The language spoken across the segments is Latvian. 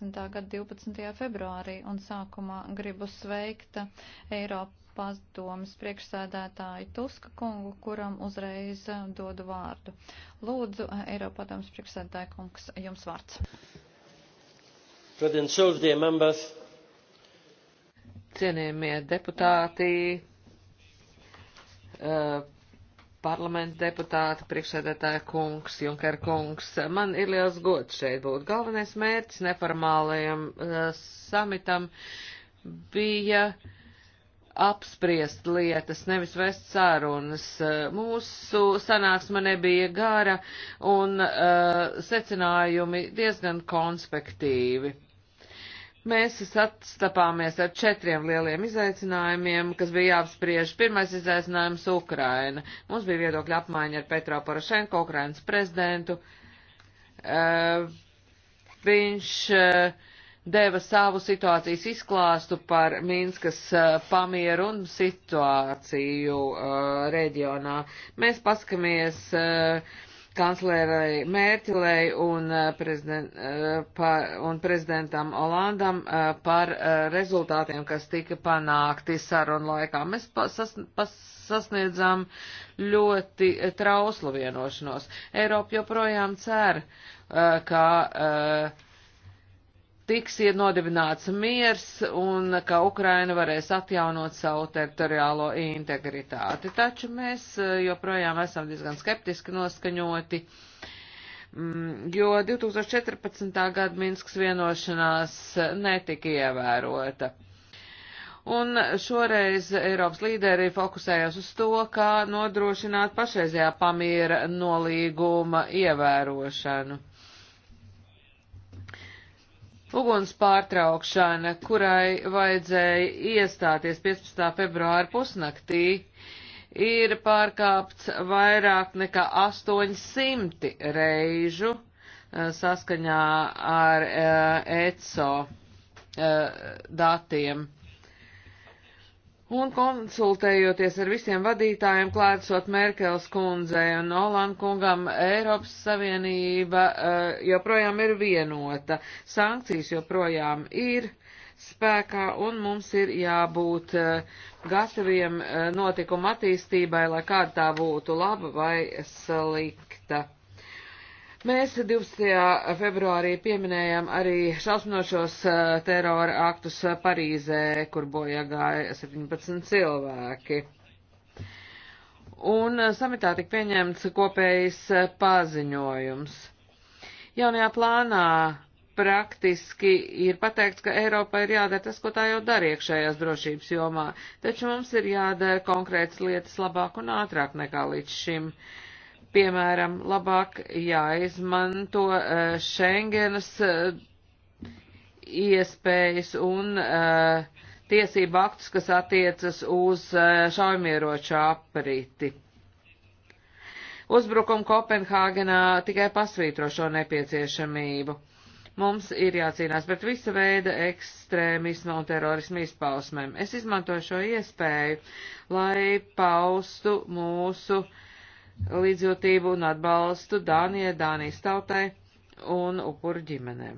2015. gada 12. februārī un sākumā gribu sveikt Eiropas domas priekšsēdētāju Tuska kungu, kuram uzreiz dodu vārdu. Lūdzu, Eiropas domas priekšsēdētāju kungs, jums vārds. Cienījamie deputāti, uh, parlamenta deputāti, priekšsēdētāja kungs, Junker kungs. Man ir liels gods šeit būt. Galvenais mērķis neformālajam uh, samitam bija apspriest lietas, nevis vest sarunas. Uh, mūsu sanāksme nebija gara un uh, secinājumi diezgan konspektīvi. Mēs sastapāmies ar četriem lieliem izaicinājumiem, kas bija jāapspriež. Pirmais izaicinājums - Ukraina. Mums bija viedokļa apmaiņa ar Petro Porošenko, Ukrainas prezidentu. Uh, viņš uh, deva savu situācijas izklāstu par Minskas uh, pamieru un situāciju reģionā. Mēs paskamies. Uh, kanclerai Mērķilei un, eh, prezident, eh, par, un prezidentam Olandam eh, par rezultātiem, kas tika panākti sarunu laikā. Mēs pasas, pas, sasniedzām ļoti trauslu vienošanos. Eiropa joprojām cer, ka tiks iedodibināts miers un ka Ukraina varēs atjaunot savu teritoriālo integritāti. Taču mēs eh, joprojām esam diezgan skeptiski noskaņoti, mm, jo 2014. gada Minskas vienošanās netika ievērota. Un šoreiz Eiropas līderi fokusējās uz to, kā nodrošināt pašreizējā pamiera nolīguma ievērošanu. Uguns pārtraukšana, kurai vajadzēja iestāties 15. februāra pusnaktī, ir pārkāpts vairāk nekā 800 reižu eh, saskaņā ar eh, ECO eh, datiem. Un konsultējoties ar visiem vadītājiem, klātsot Merkels kundzei un Olan kungam, Eiropas Savienība uh, joprojām ir vienota, sankcijas joprojām ir spēkā un mums ir jābūt uh, gataviem uh, eh, notikuma attīstībai, lai kāda tā būtu laba vai slikta. Mēs 12. februārī pieminējām arī šausminošos terora aktus Parīzē, kur bojā gāja 17 cilvēki. Un samitā tika pieņemts kopējs paziņojums. Jaunajā plānā praktiski ir pateikts, ka Eiropa ir jādara tas, ko tā jau dara iekšējās drošības jomā, taču mums ir jādara konkrētas lietas labāk un ātrāk nekā līdz šim. Uh, piemēram, labāk jāizmanto eh, Schengenas eh, iespējas un eh, tiesību aktus, kas attiecas uz šaujamieroču apriti. Uzbrukumi Kopenhāgenā tikai pasvītro šo nepieciešamību. Mums ir jācīnās pret visa veida ekstrēmisma un terorisma izpausmēm. Es izmantoju šo iespēju, lai paustu mūsu uh, līdzjūtību un atbalstu Dānijai, Dānijas tautai un upuru ģimenēm.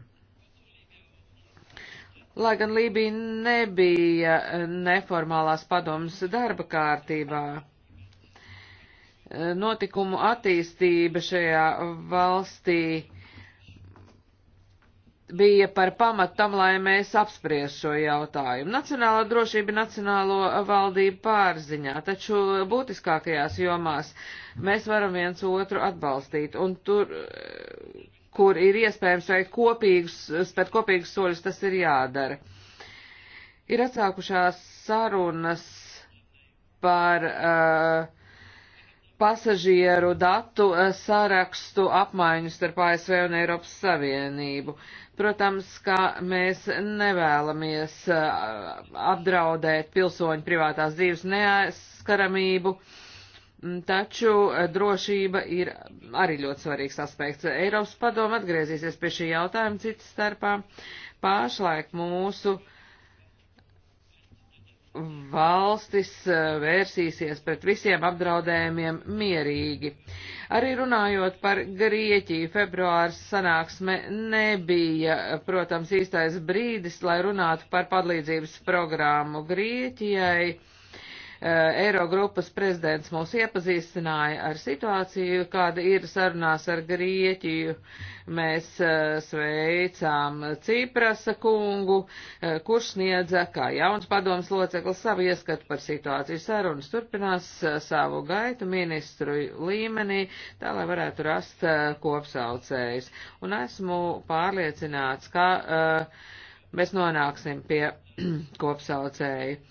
Lai gan Lībija nebija eh, neformālās padomas darba kārtībā, eh, notikumu attīstība šajā valstī bija par pamatu tam, lai mēs apspriež šo jautājumu. Nacionālā drošība ir nacionālo valdību pārziņā, taču būtiskākajās jomās mēs varam viens otru atbalstīt, un tur, kur ir iespējams veikt kopīgus, spēt kopīgus soļus, tas ir jādara. Ir atsākušās sarunas par uh, pasažieru datu eh, sarakstu apmaiņu starp ASV un Eiropas Savienību. Protams, ka mēs nevēlamies eh, apdraudēt pilsoņu privātās dzīves neaizskaramību, mm, taču eh, drošība ir arī ļoti svarīgs aspekts. Eiropas padoma atgriezīsies pie šī jautājuma citas starpā. Pašlaik mūsu uh, valstis eh, vērsīsies pret visiem apdraudējumiem mierīgi. Arī runājot par Grieķiju, februārs sanāksme nebija, protams, īstais brīdis, lai runātu par padlīdzības programmu Grieķijai Eh, Eirogrupas prezidents mūs iepazīstināja ar situāciju, kāda ir sarunās ar Grieķiju. Mēs eh, sveicām Ciprasa kungu, eh, kurš sniedza, kā jauns padoms loceklis, savu ieskatu par situāciju. Sarunas turpinās savu gaitu ministru līmenī, tā lai varētu rast kopsaucējus. Un esmu pārliecināts, ka uh, mēs nonāksim pie kopsaucēju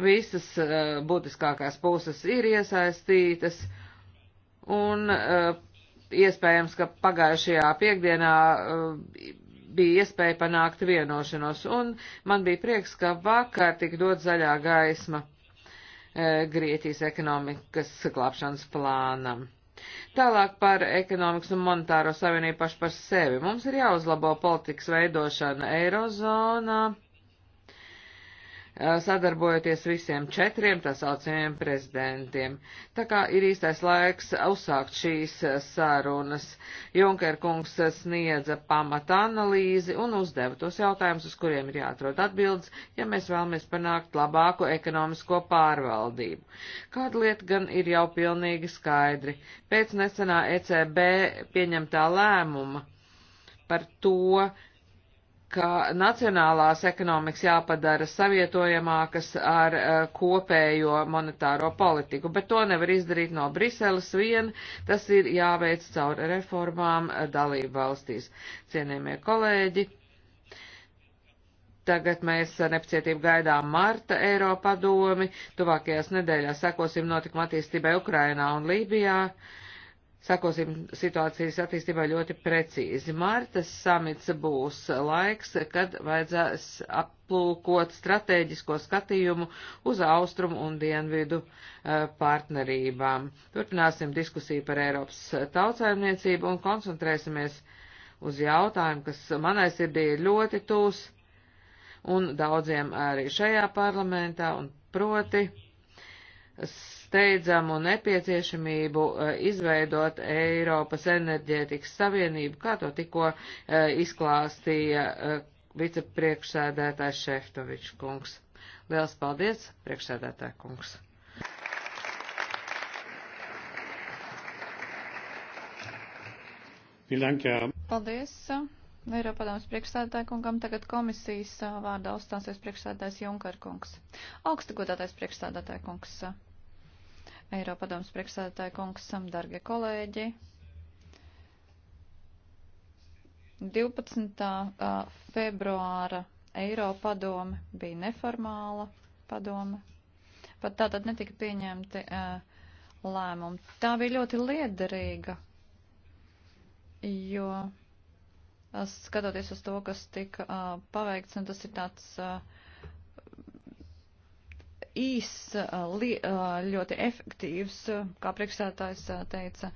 visas uh, būtiskākās puses ir iesaistītas, un uh, iespējams, ka pagājušajā piekdienā uh, bija iespēja panākt vienošanos, un man bija prieks, ka vakar tik dot zaļā gaisma Grieķijas ekonomikas glābšanas plānam. Tālāk par ekonomikas un monetāro savienību paši par sevi. Mums ir jāuzlabo politikas veidošana Eirozonā sadarbojoties visiem četriem tā saucamiem prezidentiem. Tā kā ir īstais laiks uzsākt šīs sarunas, Junker kungs sniedza pamata analīzi un uzdeva tos jautājumus, uz kuriem ir jāatrod atbildes, ja mēs vēlamies panākt labāku ekonomisko pārvaldību. Kāda lieta gan ir jau pilnīgi skaidri. Pēc nesenā ECB pieņemtā lēmuma par to, ka nacionālās ekonomikas jāpadara savietojamākas ar eh, kopējo monetāro politiku, bet to nevar izdarīt no Briseles vien, tas ir jāveic caur reformām eh, dalību valstīs. Cienījamie kolēģi, tagad mēs ar nepacietību gaidām Marta Eiropadomi, tuvākajās nedēļās sekosim notikuma attīstībai Ukrainā un Lībijā. Sakosim situācijas attīstībā ļoti precīzi. Martas samits būs laiks, kad vajadzēs aplūkot strateģisko skatījumu uz austrumu un dienvidu eh, partnerībām. Turpināsim diskusiju par Eiropas tautsājumniecību un koncentrēsimies uz jautājumu, kas manai sirdī ir ļoti tūs un daudziem arī šajā parlamentā, un proti steidzamu nepieciešamību eh, izveidot Eiropas enerģētikas savienību, kā to tikko eh, izklāstīja eh, vicepriekšsēdētājs Šeftovičs kungs. Liels paldies, priekšsēdētāja kungs! Paldies! Eiropadomas priekšsēdētāja kungam tagad komisijas vārdā uzstāsies priekšsēdētājs Junkar kungs. Augsta godātais priekšsēdētāja kungs. Eiropadoms priekšsēdētāja kungs, dargie kolēģi. 12. februāra Eiropadome bija neformāla padome. Pat tā tad netika pieņemti lēmumi. Tā bija ļoti liederīga, jo skatoties uz to, kas tika paveikts, un tas ir tāds. Uh, īss, ļoti efektīvs, kā priekšsētājs teica.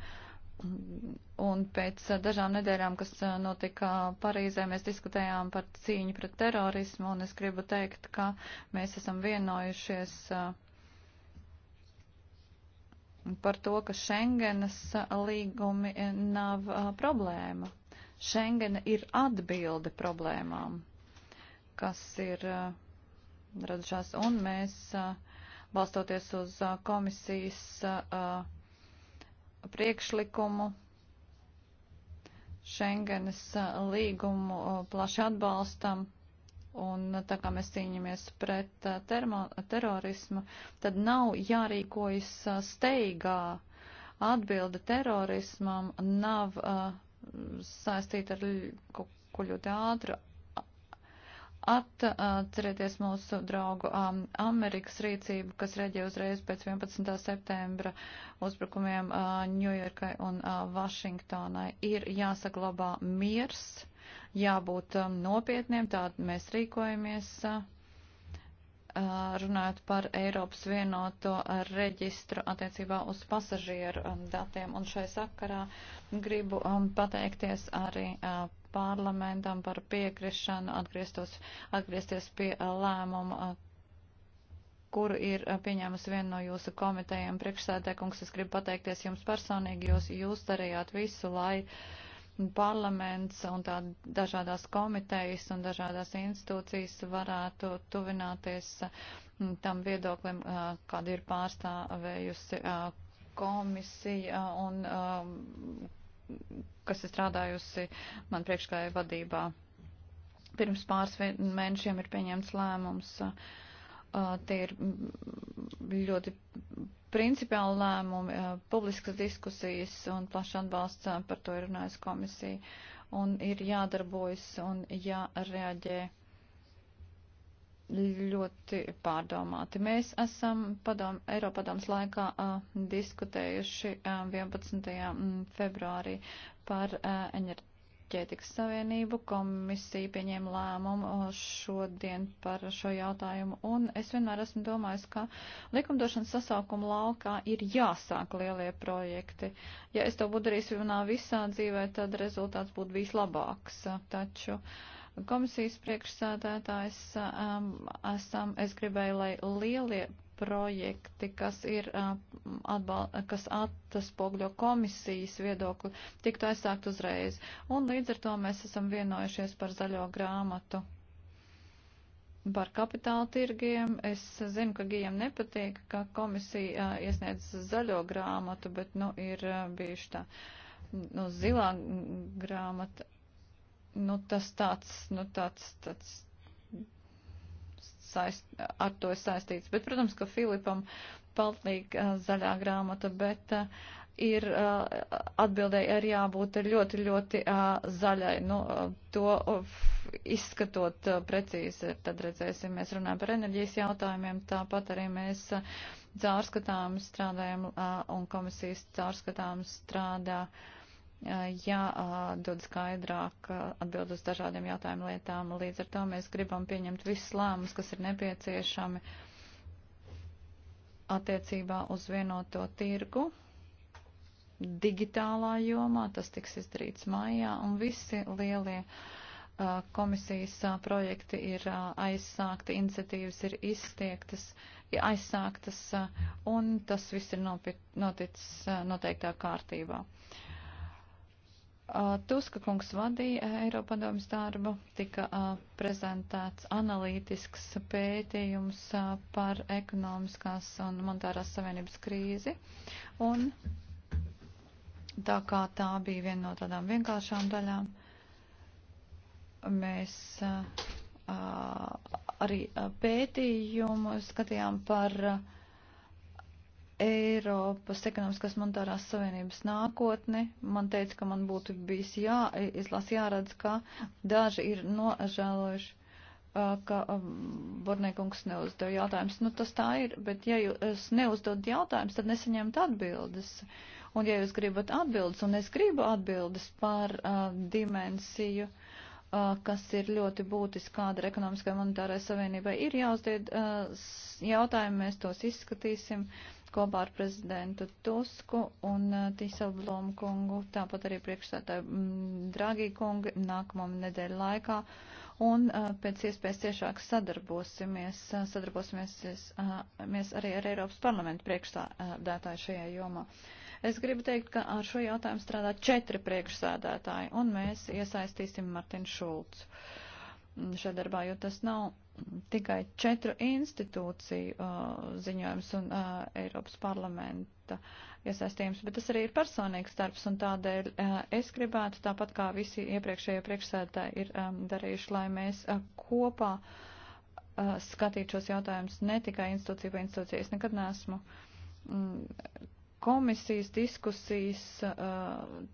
Un pēc dažām nedēļām, kas notika Parīzē, mēs diskutējām par cīņu pret terorismu, un es gribu teikt, ka mēs esam vienojušies par to, ka Schengenas līgumi nav problēma. Schengena ir atbilde problēmām, kas ir uh, radušās, un mēs, balstoties uz komisijas priekšlikumu, Schengenes līgumu plaši atbalstam, un tā kā mēs cīņamies pret termo, terorismu, tad nav jārīkojas steigā. Atbilde terorismam nav uh, saistīta ar kaut ko ļoti ātru Atcerieties mūsu draugu um, Amerikas rīcību, kas reaģēja uzreiz pēc 11. septembra uzbrukumiem Ņujorkai uh, un uh, Vašingtonai. Ir jāsaglabā miers, jābūt um, nopietniem, tā mēs rīkojamies. Uh, runājot par Eiropas vienoto reģistru attiecībā uz pasažieru um, datiem. Un šai sakarā gribu um, pateikties arī uh, parlamentam par piekrišanu atgriezties pie eh, lēmuma, eh, kuru ir eh, pieņēmusi viena no jūsu komitējiem. Priekšsēdēkungs, es gribu pateikties jums personīgi, jūs, jūs darījāt visu, lai parlaments un tā dažādās komitejas un dažādās institūcijas varētu tuvināties mm, tam viedoklim, kāda ir pārstāvējusi komisija un kas ir strādājusi man priekšgāja vadībā. Pirms pāris mēnešiem ir pieņemts lēmums. Uh, tie ir ļoti principiāli lēmumi, uh, publiskas diskusijas un plašs atbalsts uh, par to ir runājusi komisija. Un ir jādarbojas un jāreaģē. Ja ļoti pārdomāti. Mēs esam padom, Eiropadoms laikā uh, diskutējuši uh, 11. februārī par uh, enerģētikas savienību. Komisija pieņēma lēmumu šodien par šo jautājumu, un es vienmēr esmu domājis, ka likumdošanas sasaukuma laukā ir jāsāk lielie projekti. Ja es to būtu darījis vienā visā dzīvē, tad rezultāts būtu bijis labāks. Taču, uh, Komisijas priekšsādātājs um, esam, es gribēju, lai lielie projekti, kas ir um, atbal, kas atspogļo komisijas viedokli, tiktu aizsākt uzreiz. Un līdz ar to mēs esam vienojušies par zaļo grāmatu. Par kapitāla tirgiem. Es zinu, ka Gijam nepatīk, ka komisija uh, iesniedz zaļo grāmatu, bet, nu, ir uh, bijuši tā, nu, zilā grāmata nu, tas tāds, nu, tāds, tāds saist, ar to ir saistīts. Bet, protams, ka Filipam paltīga zaļā grāmata, bet ir atbildēji arī jābūt ļoti, ļoti zaļai. Nu, to izskatot precīzi, tad redzēsim, mēs runājam par enerģijas jautājumiem, tāpat arī mēs caurskatām strādājam un komisijas caurskatām strādā. Uh, jādod skaidrāk atbild uz dažādiem jautājumu lietām. Līdz ar to mēs gribam pieņemt visus lēmumus, kas ir nepieciešami attiecībā uz vienoto tirgu digitālā jomā. Tas tiks izdarīts maijā un visi lielie komisijas projekti ir aizsākti, iniciatīvas ir izstiektas, aizsāktas un tas viss ir noticis noteiktā kārtībā. Uh, Tuska kungs vadīja Eiropadomas darbu, tika prezentēts analītisks pētījums par ekonomiskās un monetārās savienības krīzi. Un tā kā tā bija viena no tādām vienkāršām daļām, mēs arī pētījumu skatījām par Eiropas ekonomiskās monetārās savienības nākotni. Man teica, ka man būtu bijis jāizlas jāredz, ka daži ir nožēlojuši, ka Borniekungs neuzdev jautājumus. Nu, tas tā ir, bet ja jūs neuzdod jautājumus, tad nesaņemt atbildes. Un ja jūs gribat atbildes, un es gribu atbildes par uh, dimensiju, uh, kas ir ļoti būtiski, kāda ir ekonomiskai monetārai savienībai, ir jāuzdied uh, jautājumi, mēs tos izskatīsim. Uh, kopā ar prezidentu Tusku un uh, Tiselblomu kungu, tāpat arī priekšstādāju mm, Dragī kungu nākamo nedēļu laikā. Un uh, pēc iespējas ciešāk sadarbosimies, uh, sadarbosimies arī ar Eiropas parlamentu priekšstādātāju šajā jomā. Es gribu teikt, ka ar šo jautājumu strādā četri priekšsēdētāji, un mēs iesaistīsim Martinu Šulcu. Uh, šajā darbā, jo tas nav tikai četru institūciju uh, ziņojums un uh, Eiropas parlamenta iesaistījums, bet tas arī ir personīgs darbs, un tādēļ uh, es gribētu, tāpat kā visi iepriekšējie priekšsētāji ir um, darījuši, lai mēs uh, kopā uh, skatītu šos jautājumus ne tikai institūciju pa institūciju. Es nekad neesmu mm, komisijas diskusijas uh,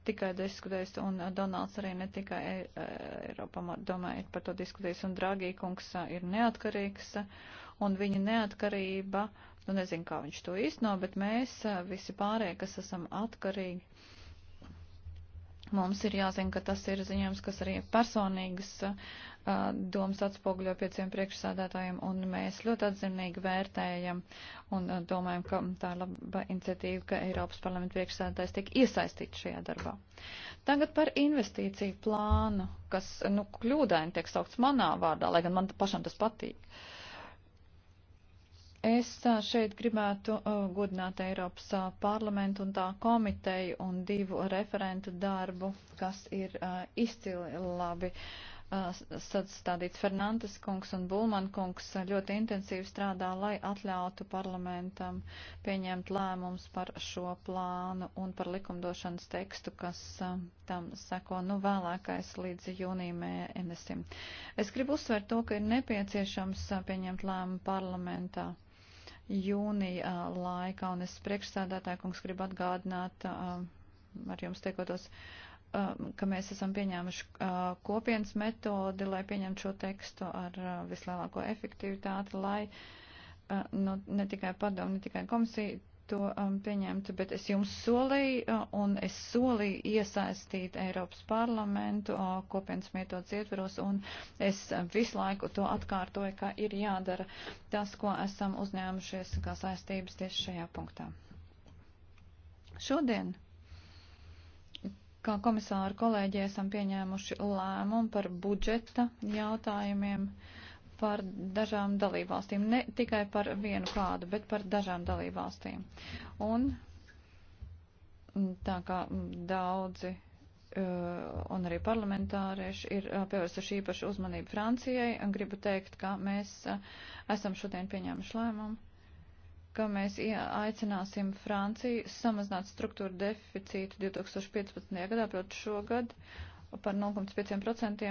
tikai diskutēs, un uh, Donalds arī ne tikai uh, Eiropā domājot par to diskutēs, un Dragī kungs uh, ir neatkarīgs, uh, un viņa neatkarība, nu nezinu, kā viņš to īsno, bet mēs uh, visi pārējie, kas esam atkarīgi, mums ir jāzina, ka tas ir ziņojums, kas arī personīgas. Uh, domas atspoguļo pieciem priekšsādātājiem, un mēs ļoti atzinīgi vērtējam un domājam, ka tā ir laba iniciatīva, ka Eiropas parlamenta priekšsādātājs tiek iesaistīts šajā darbā. Tagad par investīciju plānu, kas, nu, kļūdaini tiek saukts manā vārdā, lai gan man pašam tas patīk. Es šeit gribētu godināt Eiropas parlamentu un tā komiteju un divu referentu darbu, kas ir izcili labi uh, sastādīts Fernandes kungs un Bulman kungs ļoti intensīvi strādā, lai atļautu parlamentam pieņemt lēmums par šo plānu un par likumdošanas tekstu, kas tam seko nu vēlākais līdz jūnija mēnesim. Es gribu uzsvērt to, ka ir nepieciešams pieņemt lēmumu parlamentā jūnija laikā, un es priekšsēdētāju kungs gribu atgādināt ar jums tiekotos. Uh, Um, ka mēs esam pieņēmuši uh, kopienas metodi, lai pieņemtu šo tekstu ar uh, vislielāko efektivitāti, lai uh, nu, ne tikai padomu, ne tikai komisija to um, pieņemtu, bet es jums solīju un es solīju iesaistīt Eiropas parlamentu kopienas metodas ietveros un es visu laiku to atkārtoju, ka ir jādara tas, ko esam uzņēmušies kā saistības tieši šajā punktā. Šodien Kā komisāra kolēģi esam pieņēmuši lēmumu par budžeta jautājumiem par dažām dalībvalstīm. Ne tikai par vienu kādu, bet par dažām dalībvalstīm. Un tā kā daudzi uh, un arī parlamentārieši ir uh, pievērsuši īpašu uzmanību Francijai, gribu teikt, ka mēs uh, esam šodien pieņēmuši lēmumu ka mēs aicināsim Franciju samazināt struktūru deficītu 2015. gadā, proti šogad, par 0,5%,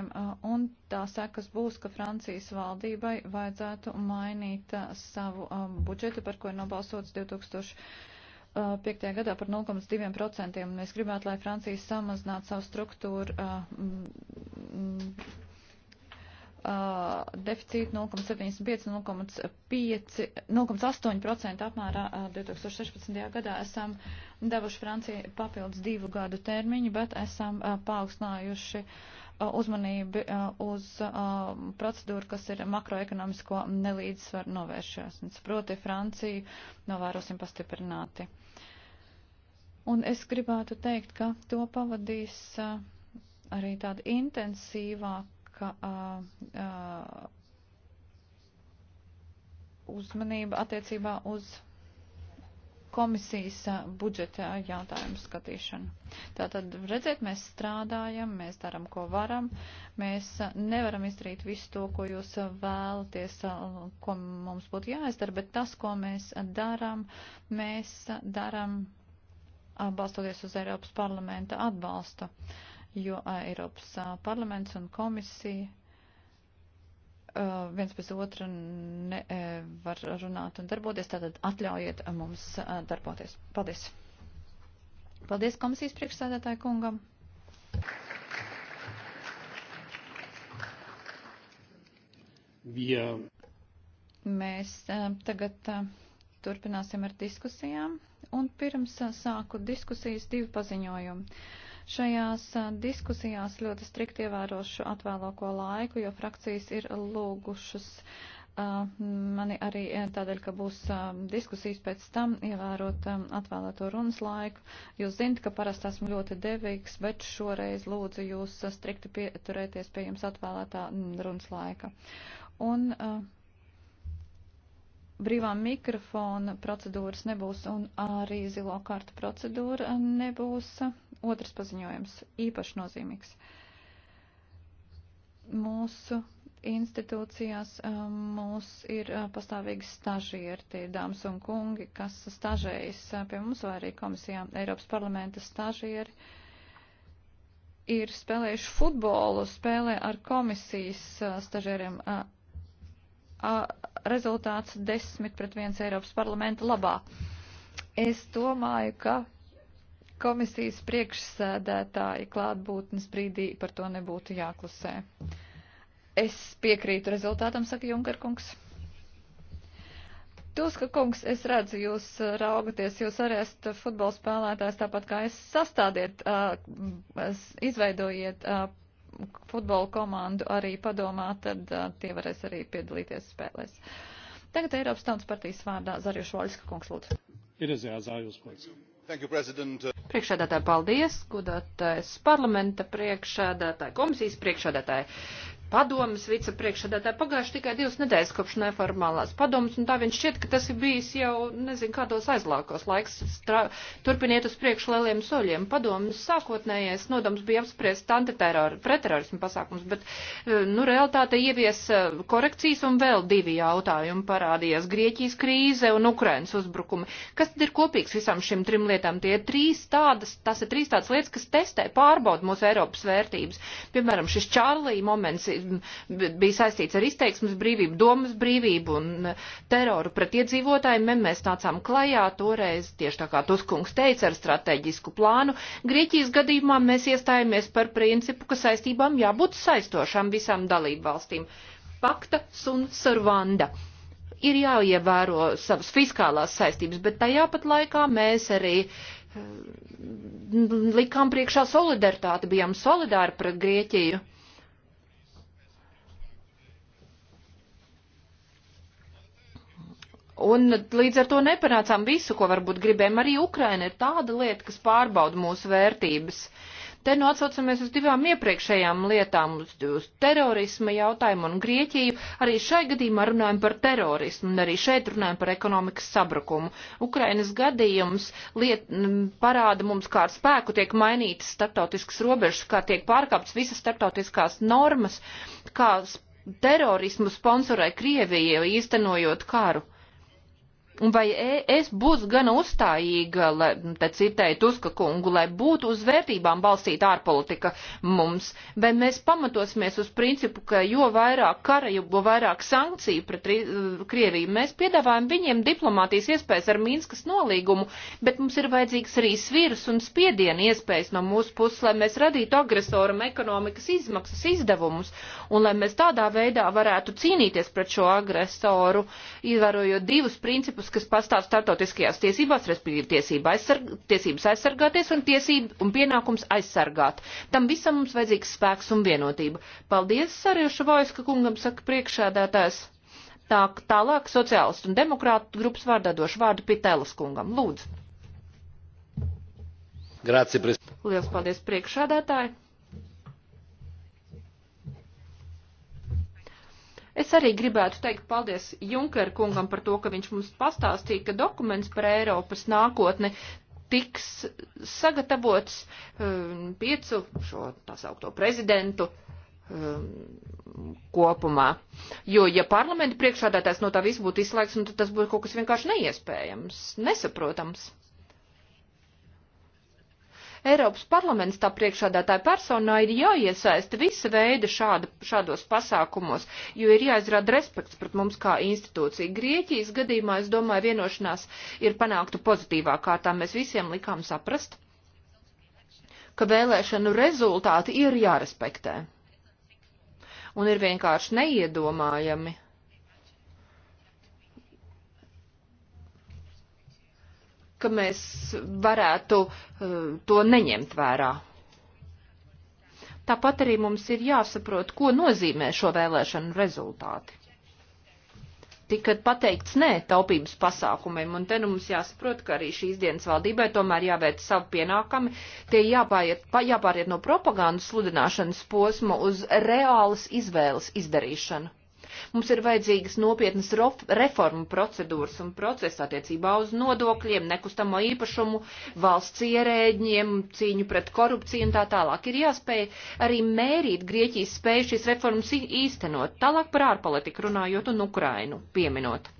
un tā sekas būs, ka Francijas valdībai vajadzētu mainīt savu budžetu, par ko ir nobalsots 2005. gadā par 0,2%. Mēs gribētu, lai Francija samazinātu savu struktūru Uh, deficītu 0,75-0,8% apmērā uh, 2016. gadā esam devuši Francijai papildus divu gadu termiņu, bet esam uh, paaugstinājuši uzmanību uz procedūru, kas ir makroekonomisko nelīdzsvaru novēršanas. Proti Franciju novērosim pastiprināti. Un es gribētu teikt, ka to pavadīs arī tāda intensīvāka ka. Uh, uh, uzmanība attiecībā uz komisijas budžeta jautājumu skatīšanu. Tātad, redziet, mēs strādājam, mēs darām, ko varam, mēs nevaram izdarīt visu to, ko jūs vēlaties, ko mums būtu jāizdara, bet tas, ko mēs darām, mēs darām balstoties uz Eiropas parlamenta atbalstu. Uh, jo Eiropas parlaments un komisija viens bez otra nevar runāt un darboties, tātad atļaujiet mums darboties. Paldies. Paldies komisijas priekšsēdētāju kungam. Jā. Mēs tagad turpināsim ar diskusijām. Un pirms sāku diskusijas divi paziņojumi. Šajās diskusijās ļoti strikt ievērošu atvēloko laiku, jo frakcijas ir lūgušas mani arī e, tādēļ, ka būs diskusijas pēc tam ievērot atvēlēto runas laiku. Jūs zinat, ka parasti esmu ļoti devīgs, bet šoreiz lūdzu jūs strikti pieturēties pie jums atvēlētā runas laika. Un brīvā mikrofona procedūras nebūs un arī zilo kartu procedūra nebūs. Otrs paziņojums īpaši nozīmīgs. Mūsu institūcijās eh, mūs ir eh, pastāvīgi stažieri, tie ir dāmas un kungi, kas stažējas eh, pie mums vai arī komisijā Eiropas parlamenta stažieri ir spēlējuši futbolu, spēlē ar komisijas stažieriem. Rezultāts 10 pret 1 Eiropas parlamenta labā. Es domāju, ka komisijas priekšsēdētāja klātbūtnes brīdī par to nebūtu jāklusē. Es piekrītu rezultātam, saka Junkerkungs. Tuska kungs, es redzu, jūs uh, raugaties, jūs arī esat futbola spēlētājs, tāpat kā es sastādiet, uh, izveidojiet uh, futbola komandu arī padomā, tad uh, tie varēs arī piedalīties spēlēs. Tagad Eiropas Tautas partijas vārdā Zarjuš Voļska kungs lūdzu. Ir jāzājus, protams. Priekšādātāji, paldies, godātais parlamenta priekšādātāji, komisijas priekšādātāji padomas vicepriekšsēdētāja pagājuši tikai divas nedēļas kopš neformālās padomas, un tā viņš šķiet, ka tas ir bijis jau, nezinu, kādos aizlākos laiks, strā... turpiniet uz priekšu lieliem soļiem. Padomas sākotnējais nodoms bija apspriest antiteror, preterorismu pasākums, bet, eh, nu, realitāte ievies eh, korekcijas un vēl divi jautājumi parādījās - Grieķijas krīze un Ukrainas uzbrukumi. Kas tad ir kopīgs visām šīm trim lietām? Tie ir trīs tādas, tas ir trīs tādas lietas, kas testē, pārbauda mūsu Eiropas vērtības. Piemēram, šis Čārlī moments bija saistīts ar izteiksmes brīvību, domas brīvību un eh, teroru pret iedzīvotājiem. Ja mēs nācām klajā toreiz, tieši tā kā Tuskungs teica, ar strateģisku plānu. Grieķijas gadījumā mēs iestājāmies par principu, ka saistībām jābūt saistošām visām dalību valstīm. Pakta sun servanda ir jāievēro savas fiskālās saistības, bet tajā pat laikā mēs arī eh, likām priekšā solidaritāti, bijām solidāri pret Grieķiju. Un līdz ar to nepanācām visu, ko varbūt gribējām. Arī Ukraina ir tāda lieta, kas pārbauda mūsu vērtības. Te nu atsaucamies uz divām iepriekšējām lietām, uz, uz terorisma jautājumu un Grieķiju. Arī šai gadījumā runājam par terorismu un arī šeit runājam par ekonomikas sabrukumu. Ukrainas gadījums liet, parāda mums, kā ar spēku tiek mainītas starptautiskas robežas, kā tiek pārkāptas visas starptautiskās normas, kā terorismu sponsorē Krievija, īstenojot karu. Un vai e, es būs gana uzstājīga, lai, nu, te citēju Tuska kungu, lai būtu uz vērtībām balstīta ārpolitika mums, vai mēs pamatosimies uz principu, ka jo vairāk kara, jo vairāk sankciju pret eh, Krieviju, mēs piedāvājam viņiem diplomātijas iespējas ar Mīnskas nolīgumu, bet mums ir vajadzīgs arī svirs un spiediena iespējas no mūsu puses, lai mēs radītu agresoram ekonomikas izmaksas izdevumus, un lai mēs tādā veidā varētu cīnīties pret šo agresoru, izvarojot divus principus principus, kas pastāv startautiskajās tiesībās, respektīvi tiesība aizsarg tiesības aizsargāties un tiesība un pienākums aizsargāt. Tam visam mums vajadzīgs spēks un vienotība. Paldies, Sarjoša Vojska kungam, saka priekšādātājs. Tā, tālāk sociālistu un demokrātu grupas vārdā došu vārdu Pitēlas kungam. Lūdzu. Grāci, Liels paldies priekšādātāji. Es arī gribētu teikt paldies Junker kungam par to, ka viņš mums pastāstīja, ka dokuments par Eiropas nākotni tiks sagatavots um, piecu šo tā saukto prezidentu um, kopumā. Jo, ja parlamenta priekšādātājs no tā viss būtu izslēgts, nu, tad tas būtu kaut kas vienkārši neiespējams, nesaprotams. Eiropas parlaments tā priekšādātāja personā ir jāiesaista visa veida šāda, šādos pasākumos, jo ir jāizrāda respekts pret mums kā institūcija. Grieķijas gadījumā, es domāju, vienošanās ir panāktu pozitīvā kārtā. Mēs visiem likām saprast, ka vēlēšanu rezultāti ir jārespektē. Un ir vienkārši neiedomājami ka mēs varētu uh, to neņemt vērā. Tāpat arī mums ir jāsaprot, ko nozīmē šo vēlēšanu rezultāti. Tika pateikts nē taupības pasākumiem, un te nu mums jāsaprot, ka arī šīs dienas valdībai tomēr jāveic savu pienākumi, tie jāpāriet, jāpāriet no propagandas sludināšanas posma uz reālas izvēles izdarīšanu Mums ir vajadzīgas nopietnas reformu procedūras un procesa attiecībā uz nodokļiem, nekustamo īpašumu, valsts ierēģiem, cīņu pret korupciju un tā tālāk. Ir jāspēj arī mērīt Grieķijas spēju šīs reformas īstenot. Tālāk par ārpolitiku runājot un Ukrainu pieminot.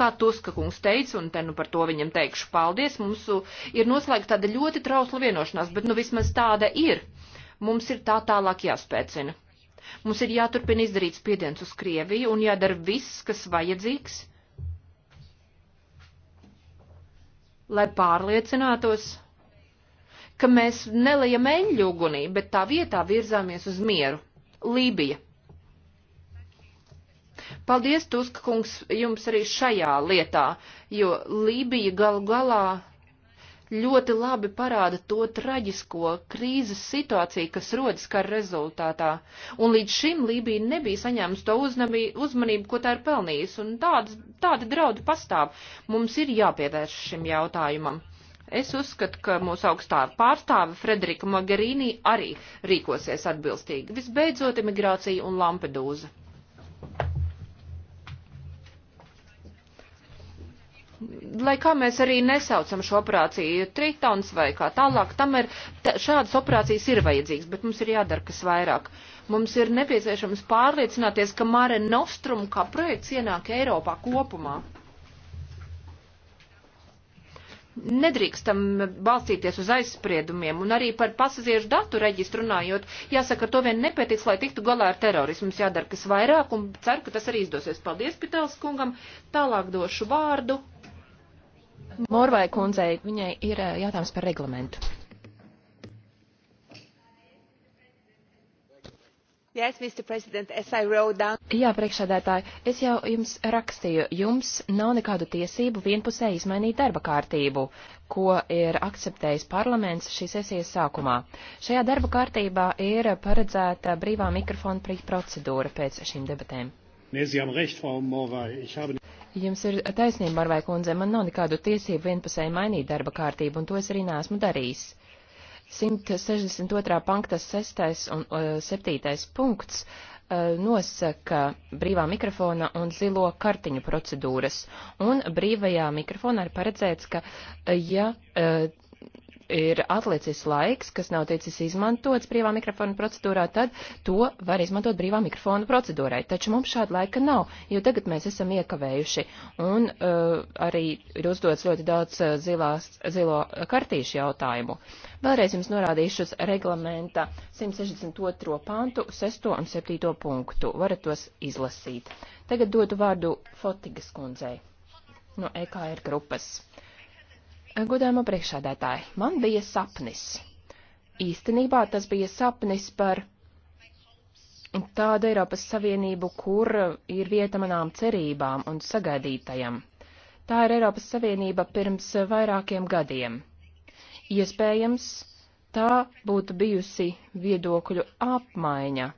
Kā Tuska kungs teica, un te nu par to viņam teikšu paldies, mums ir noslēgta tāda ļoti trausla vienošanās, bet nu vismaz tāda ir. Mums ir tā tālāk jāspēcina. Mums ir jāturpina izdarīt spiediens uz Krieviju un jādara viss, kas vajadzīgs, lai pārliecinātos, ka mēs nelējam eļļu ugunī, bet tā vietā virzāmies uz mieru. Lībija. Paldies, Tuska kungs, jums arī šajā lietā, jo Lībija galu galā ļoti labi parāda to traģisko krīzes situāciju, kas rodas kara rezultātā. Un līdz šim Lībija nebija saņēmusi to uznamī, uzmanību, ko tā ir pelnījusi, un tāds, tādi draudi pastāv. Mums ir jāpievērš šim jautājumam. Es uzskatu, ka mūsu augstā pārstāve Frederika Magarīnī arī rīkosies atbilstīgi. Visbeidzot, imigrācija un Lampedūza. lai kā mēs arī nesaucam šo operāciju tritons vai kā tālāk, tam ir, tā, šādas operācijas ir vajadzīgas, bet mums ir jādara kas vairāk. Mums ir nepieciešams pārliecināties, ka Mare Nostrum kā projekts ienāk Eiropā kopumā. Nedrīkstam balstīties uz aizspriedumiem un arī par pasažieru datu reģistru runājot, jāsaka, to vien nepētīts, lai tiktu galā ar terorismu. Jādara kas vairāk un ceru, ka tas arī izdosies. Paldies Pitels kungam. Tālāk došu vārdu Morvai kundzei, viņai ir eh, jautājums par reglamentu. Yes, down... Jā, priekšsēdētāji, es jau jums rakstīju, jums nav nekādu tiesību vienpusē izmainīt darba kārtību, ko ir akceptējis parlaments šīs sesijas sākumā. Šajā darba kārtībā ir paredzēta brīvā mikrofona procedūra pēc šīm debatēm. Ne, Jums ir taisnība, Marvai kundze, man nav nekādu tiesību vienpusēji mainīt darba kārtību, un to es arī neesmu darījis. 162. panktas 6. un uh, 7. punkts uh, nosaka brīvā mikrofona un zilo kartiņu procedūras, un brīvajā mikrofonā ir paredzēts, ka, uh, ja uh, ir atlicis laiks, kas nav ticis izmantots brīvā mikrofona procedūrā, tad to var izmantot brīvā mikrofona procedūrai. Taču mums šāda laika nav, jo tagad mēs esam iekavējuši. Un uh, arī ir uzdots ļoti daudz uh, zilās, zilo kartīšu jautājumu. Vēlreiz jums norādīšu uz reglamenta 162. pantu, 6. un 7. punktu. Varat tos izlasīt. Tagad dodu vārdu Fotigas kundzei no EKR grupas. Godāmo priekšādētāji, man bija sapnis. Īstenībā tas bija sapnis par tādu Eiropas Savienību, kur ir vieta manām cerībām un sagaidītajam. Tā ir Eiropas Savienība pirms vairākiem gadiem. Iespējams, tā būtu bijusi viedokļu apmaiņa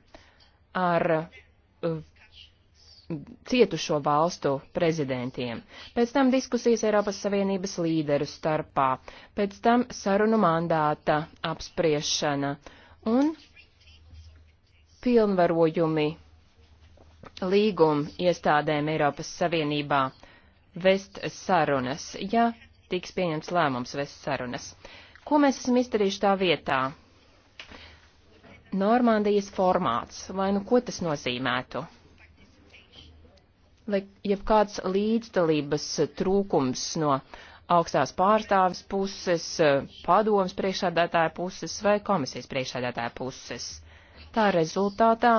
ar cietušo valstu prezidentiem, pēc tam diskusijas Eiropas Savienības līderu starpā, pēc tam sarunu mandāta apspriešana un pilnvarojumi līguma iestādēm Eiropas Savienībā vest sarunas, ja tiks pieņemts lēmums vest sarunas. Ko mēs esam izdarījuši tā vietā? Normandijas formāts, vai nu ko tas nozīmētu? jebkāds līdzdalības trūkums no augstās pārstāvis puses, padomas priekšādātāja puses vai komisijas priekšādātāja puses. Tā rezultātā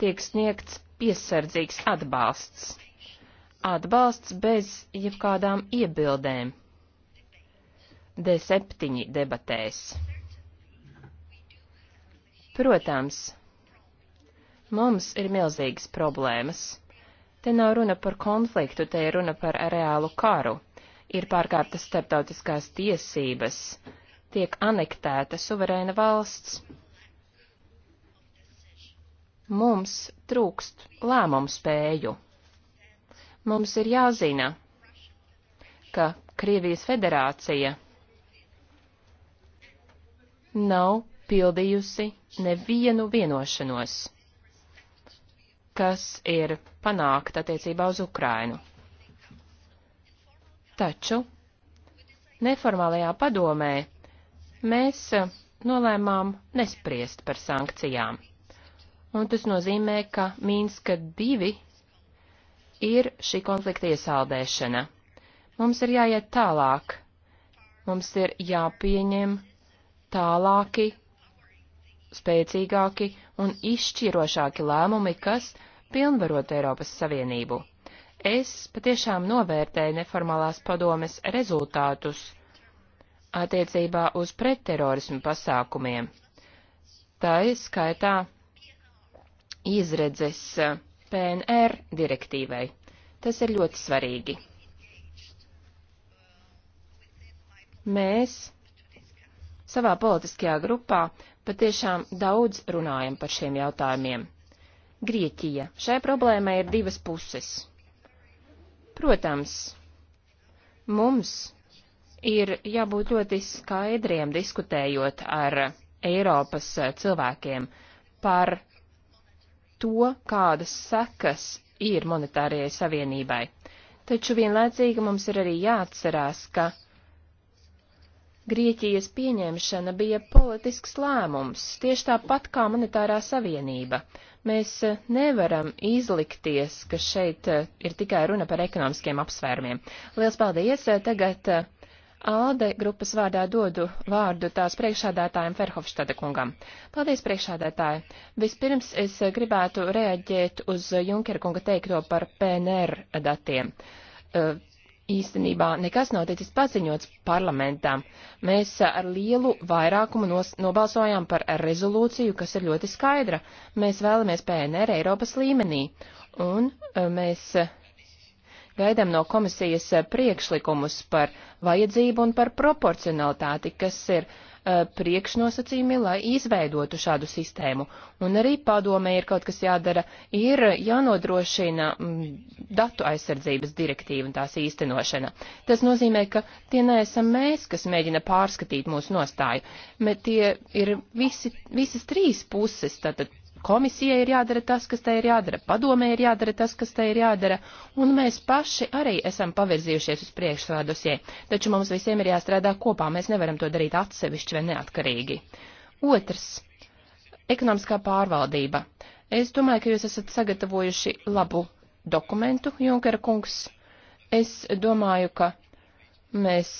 tiek sniegts piesardzīgs atbalsts. Atbalsts bez jebkādām iebildēm. D7 debatēs. Protams, Mums ir milzīgas problēmas. Te nav runa par konfliktu, te ir runa par reālu karu. Ir pārkārtas starptautiskās tiesības, tiek anektēta suverēna valsts. Mums trūkst lēmumu spēju. Mums ir jāzina, ka Krievijas federācija nav pildījusi nevienu vienošanos kas ir panākta attiecībā uz Ukrainu. Taču neformālajā padomē mēs nolēmām nespriest par sankcijām. Un tas nozīmē, ka Mīnska divi ir šī konflikta iesaldēšana. Mums ir jāiet tālāk. Mums ir jāpieņem tālāki spēcīgāki un izšķirošāki lēmumi, kas pilnvarot Eiropas Savienību. Es patiešām novērtēju neformālās padomes rezultātus attiecībā uz pretterorismu pasākumiem. Tā ir skaitā izredzes PNR direktīvai. Tas ir ļoti svarīgi. Mēs savā politiskajā grupā patiešām daudz runājam par šiem jautājumiem. Grieķija. Šai problēmai ir divas puses. Protams, mums ir jābūt ļoti skaidriem diskutējot ar Eiropas cilvēkiem par to, kādas sekas ir monetārajai savienībai. Taču vienlaicīgi mums ir arī jāatcerās, ka Grieķijas pieņemšana bija politisks lēmums, tieši tāpat kā monetārā savienība. Mēs eh, nevaram izlikties, ka šeit eh, ir tikai runa par ekonomiskiem apsvērumiem. Liels paldies! Eh, Tagad ALDE grupas vārdā dodu vārdu tās priekšādātājiem Ferhofštada kungam. Paldies, priekšādātāji! Vispirms es gribētu reaģēt uz Junkera kunga teikto par PNR datiem īstenībā nekas nav ticis paziņots parlamentām. Mēs ar lielu vairākumu nos, nobalsojām par rezolūciju, kas ir ļoti skaidra. Mēs vēlamies PNR Eiropas līmenī, un e, mēs gaidām no komisijas priekšlikumus par vajadzību un par proporcionalitāti, kas ir Eh, priekšnosacījumi, lai izveidotu šādu sistēmu. Un arī padomē ir kaut kas jādara, ir jānodrošina mm, datu aizsardzības direktīva un tās īstenošana. Tas nozīmē, ka tie neesam mēs, kas mēģina pārskatīt mūsu nostāju, bet tie ir visi, visas trīs puses, tātad Komisijai ir jādara tas, kas tai ir jādara, padomē ir jādara tas, kas tai ir jādara, un mēs paši arī esam pavirzījušies uz priekšu savā dosie, taču mums visiem ir jāstrādā kopā, mēs nevaram to darīt atsevišķi vai neatkarīgi. Otrs - ekonomiskā pārvaldība. Es domāju, ka jūs esat sagatavojuši labu dokumentu, Junkera kungs. Es domāju, ka mēs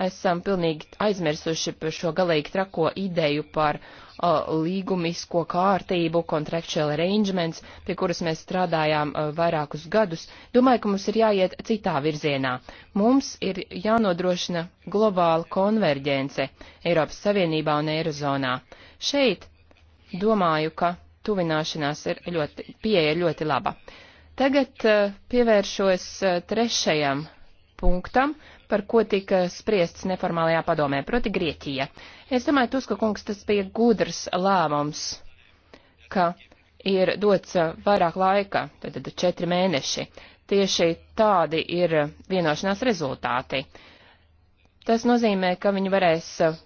esam pilnīgi aizmirsuši par šo galīgi trako ideju par uh, līgumisko kārtību, contractual arrangements, pie kuras mēs strādājām uh, vairākus gadus. Domāju, ka mums ir jāiet citā virzienā. Mums ir jānodrošina globāla konverģence Eiropas Savienībā un Eirozonā. Šeit domāju, ka tuvināšanās ir ļoti, pieeja ir ļoti laba. Tagad uh, pievēršos uh, trešajam punktam, par ko tika spriests neformālajā padomē, proti Grieķija. Es domāju, Tuska kungs, tas bija gudrs lēmums, ka ir dots uh, vairāk laika, tad četri mēneši. Tieši tādi ir vienošanās rezultāti. Tas nozīmē, ka viņi varēs uh,